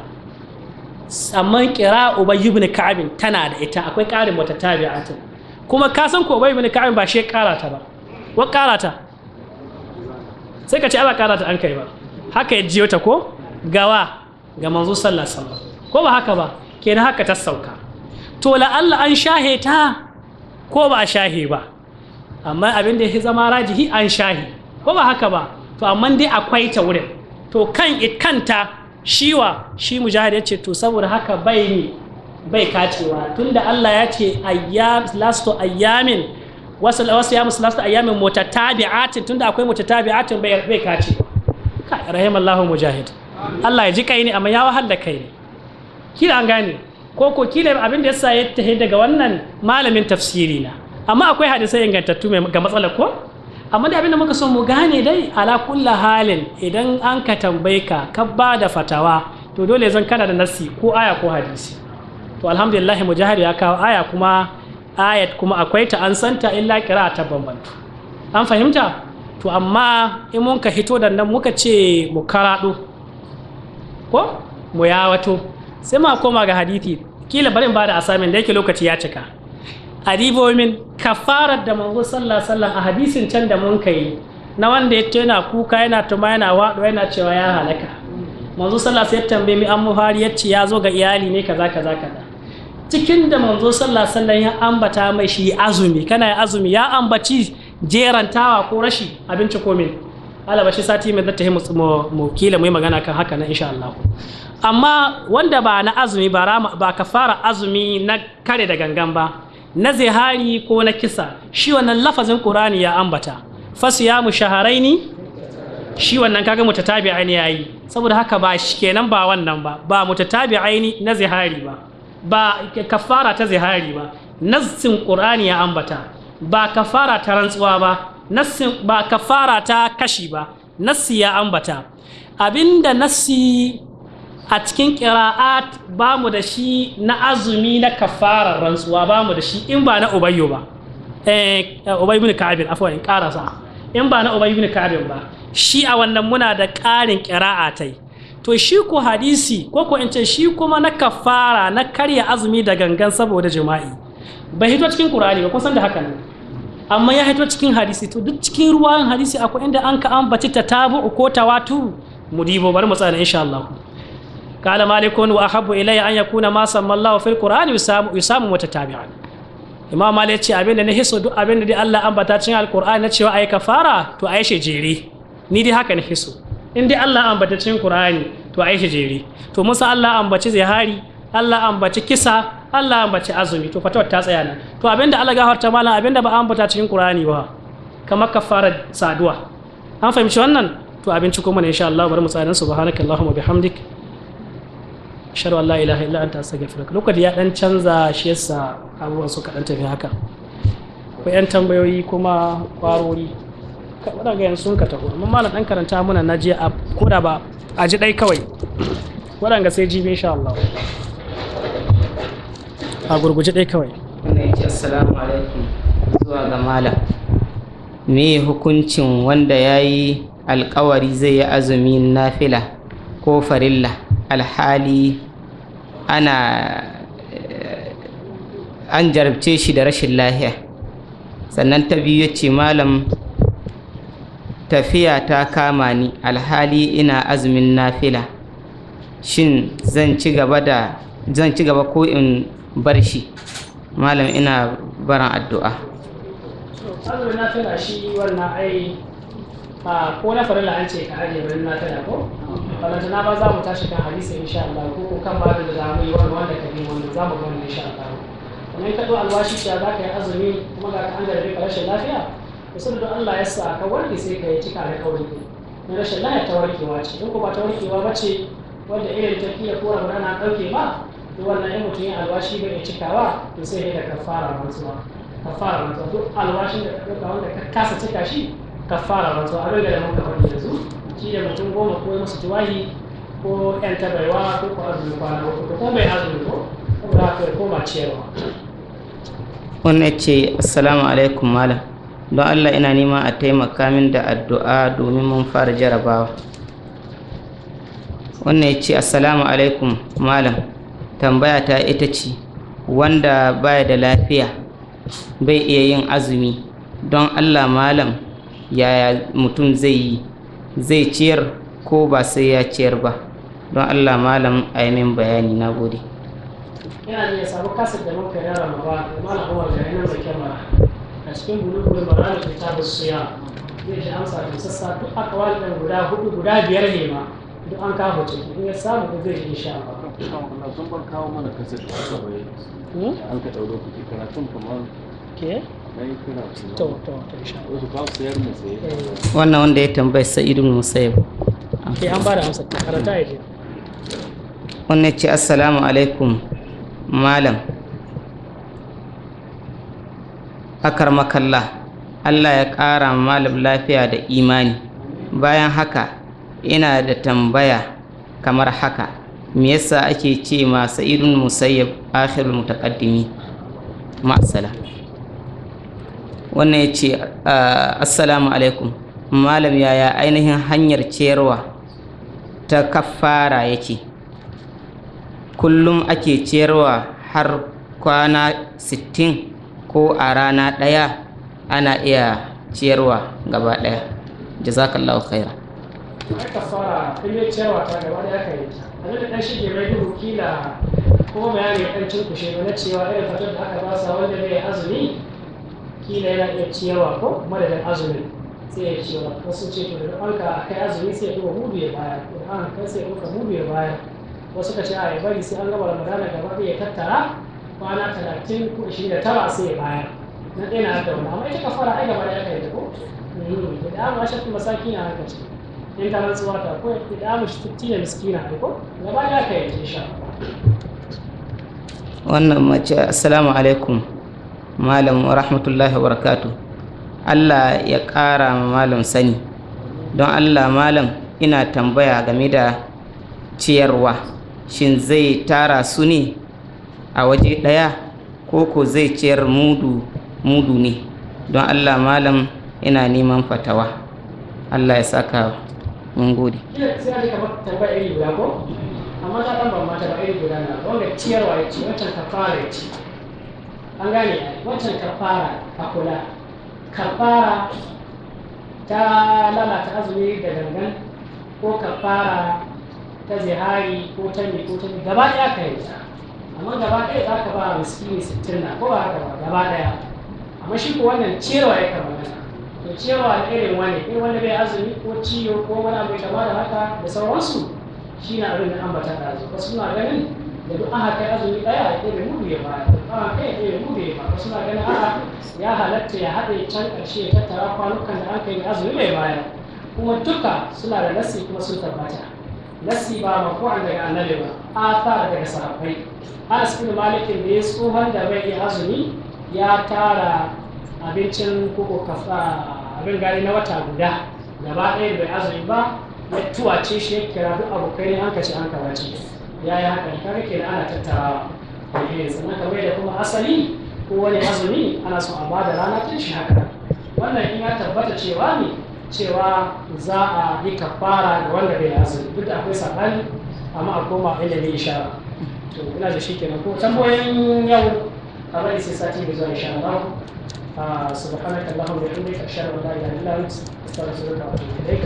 amma kira Uba ibn ka'ab tana da ita akwai karin wata tabi'atin kuma ka san ko ibn ka'ab ba shi karata ba wa karata sai ka ce ala karata an kai ba haka ya jiyo ta ko gawa ga manzo sallallahu alaihi wasallam ko ba haka ba kenan haka ta sauka to la'alla an shahe ta ko ba a shahe ba amma abin da ya zama rajihi an shahe ko ba haka ba to amma dai akwai ta wurin to kan kanta shiwa shi mujahid ya ce to saboda haka bai ne bai kacewa tunda Allah ya ce ayyam ayyamin wasu wasu ya musu lastu ayyamin mutatabi'atin tunda akwai mota tabiatin bai kace ka rahimallahu mujahid Allah ya ji kai ne amma ya wahal da kai ne kila an gane ko ko kila abin da yasa ya tahi daga wannan malamin tafsiri na amma akwai hadisai ingantattu mai ga matsalar ko amma da abinda muka so mu gane dai ala kulla halin idan an ka tambaye ka ka ba da fatawa to dole zan kana da nasi ko aya ko hadisi to alhamdulillah mujahid ya kawo aya kuma ayat kuma akwai ta an santa illa kira ta bambantu an fahimta to amma in mun ka hito da nan muka ce mu karado ko mu yawato sai ma koma ga hadisi kila barin ba da asamin da yake lokaci ya cika a ribomin kafarar da manzo sallah sallah a hadisin can da mun kai na wanda ya yana kuka yana tuma yana waɗo yana cewa ya halaka manzo sallah sai ya tambaye mi an muhari ya ce ya zo ga iyali ne kaza kaza kaza cikin da manzo sallah sallah ya ambata mai shi azumi kana ya azumi ya ambaci jerantawa ko rashi abinci ko min alaba shi sati mai zata mu kila mu yi magana kan haka na insha Allah amma wanda ba na azumi ba ba fara azumi na kare da gangan ba na zihari ko na kisa shi wannan lafazin ƙur'ani ya ambata mu shaharai ne shi wannan kaga mu aini ya yi saboda haka ba shi kenan ba wannan ba ba mu aini na zihari ba ba kafara ta zihari ba nassin qur'ani ya ambata ba kafara ta rantsuwa ba nassin ba kafara ta kashi ba nassi ya ambata abinda nassi a cikin ƙira'at ba mu da shi na azumi na kafarar rantsuwa ba mu da shi in ba na ubayyo ba eh, ubay ibn kabir in karasa in ba na ubay ibn kabir ba shi a wannan muna da ƙarin ƙira'atai to shi ko hadisi ko ko in ce shi kuma na kafara na karya azumi da gangan saboda jima'i bai hito cikin qur'ani ba san da haka ne amma ya hito cikin hadisi to duk cikin ruwan hadisi akwai inda an ka ambaci tatabu ko tawatu mu dibo bari mu tsaya insha Allah قال مالك وأحب إلي أن يكون ما سمى الله في القرآن يسام يسام متتابعا Imam Malik ce abin da na hiso duk abin da Allah ambata cikin Alƙur'ani na cewa ai kafara to ai shi jere ni dai haka na hiso in dai Allah ambata cikin Qur'ani to ai shi jere to musa Allah ambaci zihari Allah ambaci kisa Allah ambaci azumi to fatawar ta tsaya nan to abinda da Allah gafarta malam abin abinda ba ambata cikin Qur'ani ba kamar kafarar saduwa an fahimci wannan to abinci kuma ne insha Allah bari mu tsaya subhanakallahumma bihamdika shar an la ilaha illa anta astaghfiruk lokaci ya dan canza shi yasa abubuwan suka dan tafi haka ko yan tambayoyi kuma kwarori wadda ga yanzu ka taho amma malam dan karanta muna na a koda ba a ji dai kawai wadanga sai jibi insha Allah a gurguje dai kawai wannan yake assalamu alaikum zuwa ga malam me hukuncin wanda yayi alkawari zai yi azumin nafila ko farilla alhali ana eh, an jarabce shi da rashin lahiya sannan ta biyu ya ce malam tafiya ta kama ni alhali ina azumin nafila shin zan ci gaba da zan ci gaba ko in bar shi malam ina baran addu'a azumin nafila shi wannan ai ko na farilla an ce ka ajiye barin nafila ko balantana ba za mu tashi kan hadisi insha Allah ko ko kan babu da zamu yi wani wanda kake wanda za mu gani insha Allah kuma in ka zo alwashi cewa za ka yi azumi kuma ga ka an da ka rashin lafiya to sun da Allah ya sa ka warke sai ka yi cika da kauri na rashin lafiya ta warkewa ce in ko ba ta warkewa ba ce wanda irin tafiya ko rauna na ɗauke ba to wannan in mutum yin alwashi bai cikawa to sai ya da mutuwa ka fara mutuwa duk alwashin da ka ɗauka wanda ka kasa cika shi fara mutuwa a rage da muka ka faɗi yanzu kila mutum goma ko masa tuwahi ko yan tabaiwa ko ko azumi kwana ko ko bai azumi ko ko da haka ya koma ciyarwa wannan ce assalamu alaikum malam don allah ina nima a taimaka min da addu'a domin mun fara jarabawa wannan ya ce assalamu alaikum malam tambaya ta ita ce wanda baya da lafiya bai iya yin azumi don allah malam yaya mutum zai yi zai ciyar ko ba sai ya ciyar ba don allah malam a min bayani na gode yana da kasar da muka ma a cikin zai ji amsa da sassa duk aka wani guda hudu guda biyar ne ma duk an kafa ciki in ya samu zai ji sha sun wannan wanda ya tambayi sa'idun musayib ke eh, an ba da amsa karanta ya wannan ce assalamu alaikum malam akar makalla allah ya ƙara malam lafiya da imani bayan haka ina da tambaya kamar haka me yasa ake ce ma sa'idun musayyab akhirul mutaqaddimi ma'asala wannan ya ce assalamu alaikum malam yaya ainihin hanyar ciyarwa ta kafara yake kullum ake ciyarwa har kwana 60 ko a rana ɗaya ana iya ciyarwa gaba ɗaya jazakallahu khaira kafara kullum ciyarwa ta gaba ɗaya ka yi abin ɗan shige mai duhu kila ko bayani ɗan cin kushe na cewa irin fatar da aka ba sa wanda zai azumi kila yana iya ciyarwa ko madadin azumi sai ya ciyarwa wasu ce to da ɗauka kai azumi sai ya ɗauka mudu baya bayar an kai sai ya ɗauka mudu baya wasu ka ce a bari sai an gaba ramadana gaba ɗaya ya tattara kwana talatin ko ashirin da tara sai ya baya na ɗaya na haka wani amma ita ka fara ai gaba ɗaya ka yi ko hmm, da dama shafi masaki na haka ce in ta rantsuwa ta ko da dama shi tutti tattina miskina ko gaba da aka yi insha Allah wannan mace assalamu alaikum malam wa rahmatullahi wa barakatu Allah ya ƙara ma malam sani don Allah malam ina tambaya game da ciyarwa shin zai tara su ne a waje ɗaya ko ko zai ciyar mudu mudu ne don Allah malam ina neman fatawa Allah ya saka mun gode amma za ɗan mata ba iri guda na wanda ciyarwa ya ci wancan fara ya ci an gane wancan kafara a kula kafara ta lalata azumi da gangan ko kafara ta zihari ko ta ne ko ta ne gaba ɗaya ka yi amma gaba ɗaya za ka ba miskini sittin na ko ba haka gaba ɗaya amma shi ko wannan cewa ya karɓa to cewa irin wani ɗin wanda bai azumi ko ciwo ko wani abu kama da haka da sauransu shi na abin da ambata da azu wasu na ganin da duk aka kai azumi daya ya ɗebe mudu ah, ah, ya baya. aka kai ya ɗebe eh, mudu ya suna ganin a'a ya halatta ya haɗe can ƙarshe ya tattara kwanukan da an kai azumi mai baya. kuma duka suna da nasi kuma sun tabbata nasi ba makuwan daga annabi ba athar daga sahabbai anas bin malikin da ya tsohon da bai yi azumi ya tara abincin koko kafa abin gari na wata guda gaba ɗaya bai azumi ba ya tuwace shi ya kira duk abokai ne an kace an yaya hakan kake da ana tattarawa eh sannan da kuma asali ko wani azumi ana son a bada rana tun shi haka wannan in ya tabbata cewa ne cewa za a yi kafara ga wanda bai azumi duk da akwai sabani amma a koma ilimi insha to ina da shi kenan ko tambayoyin yau a bai sai sati da zuwa insha Allah سبحانك اللهم وبحمدك أشهد أن لا إله إلا أنت أستغفرك وأتوب إليك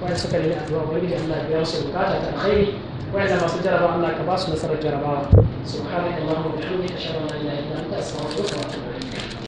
waɗansu kalmi addu'a ubangiji Allah ya biya su bukata ta alkhairi waɗanda masu jarabawa Allah ka ba su nasarar jarabawa subhanaka allahumma wa bihamdika ashhadu an la ilaha illa anta astaghfiruka wa atubu ilayk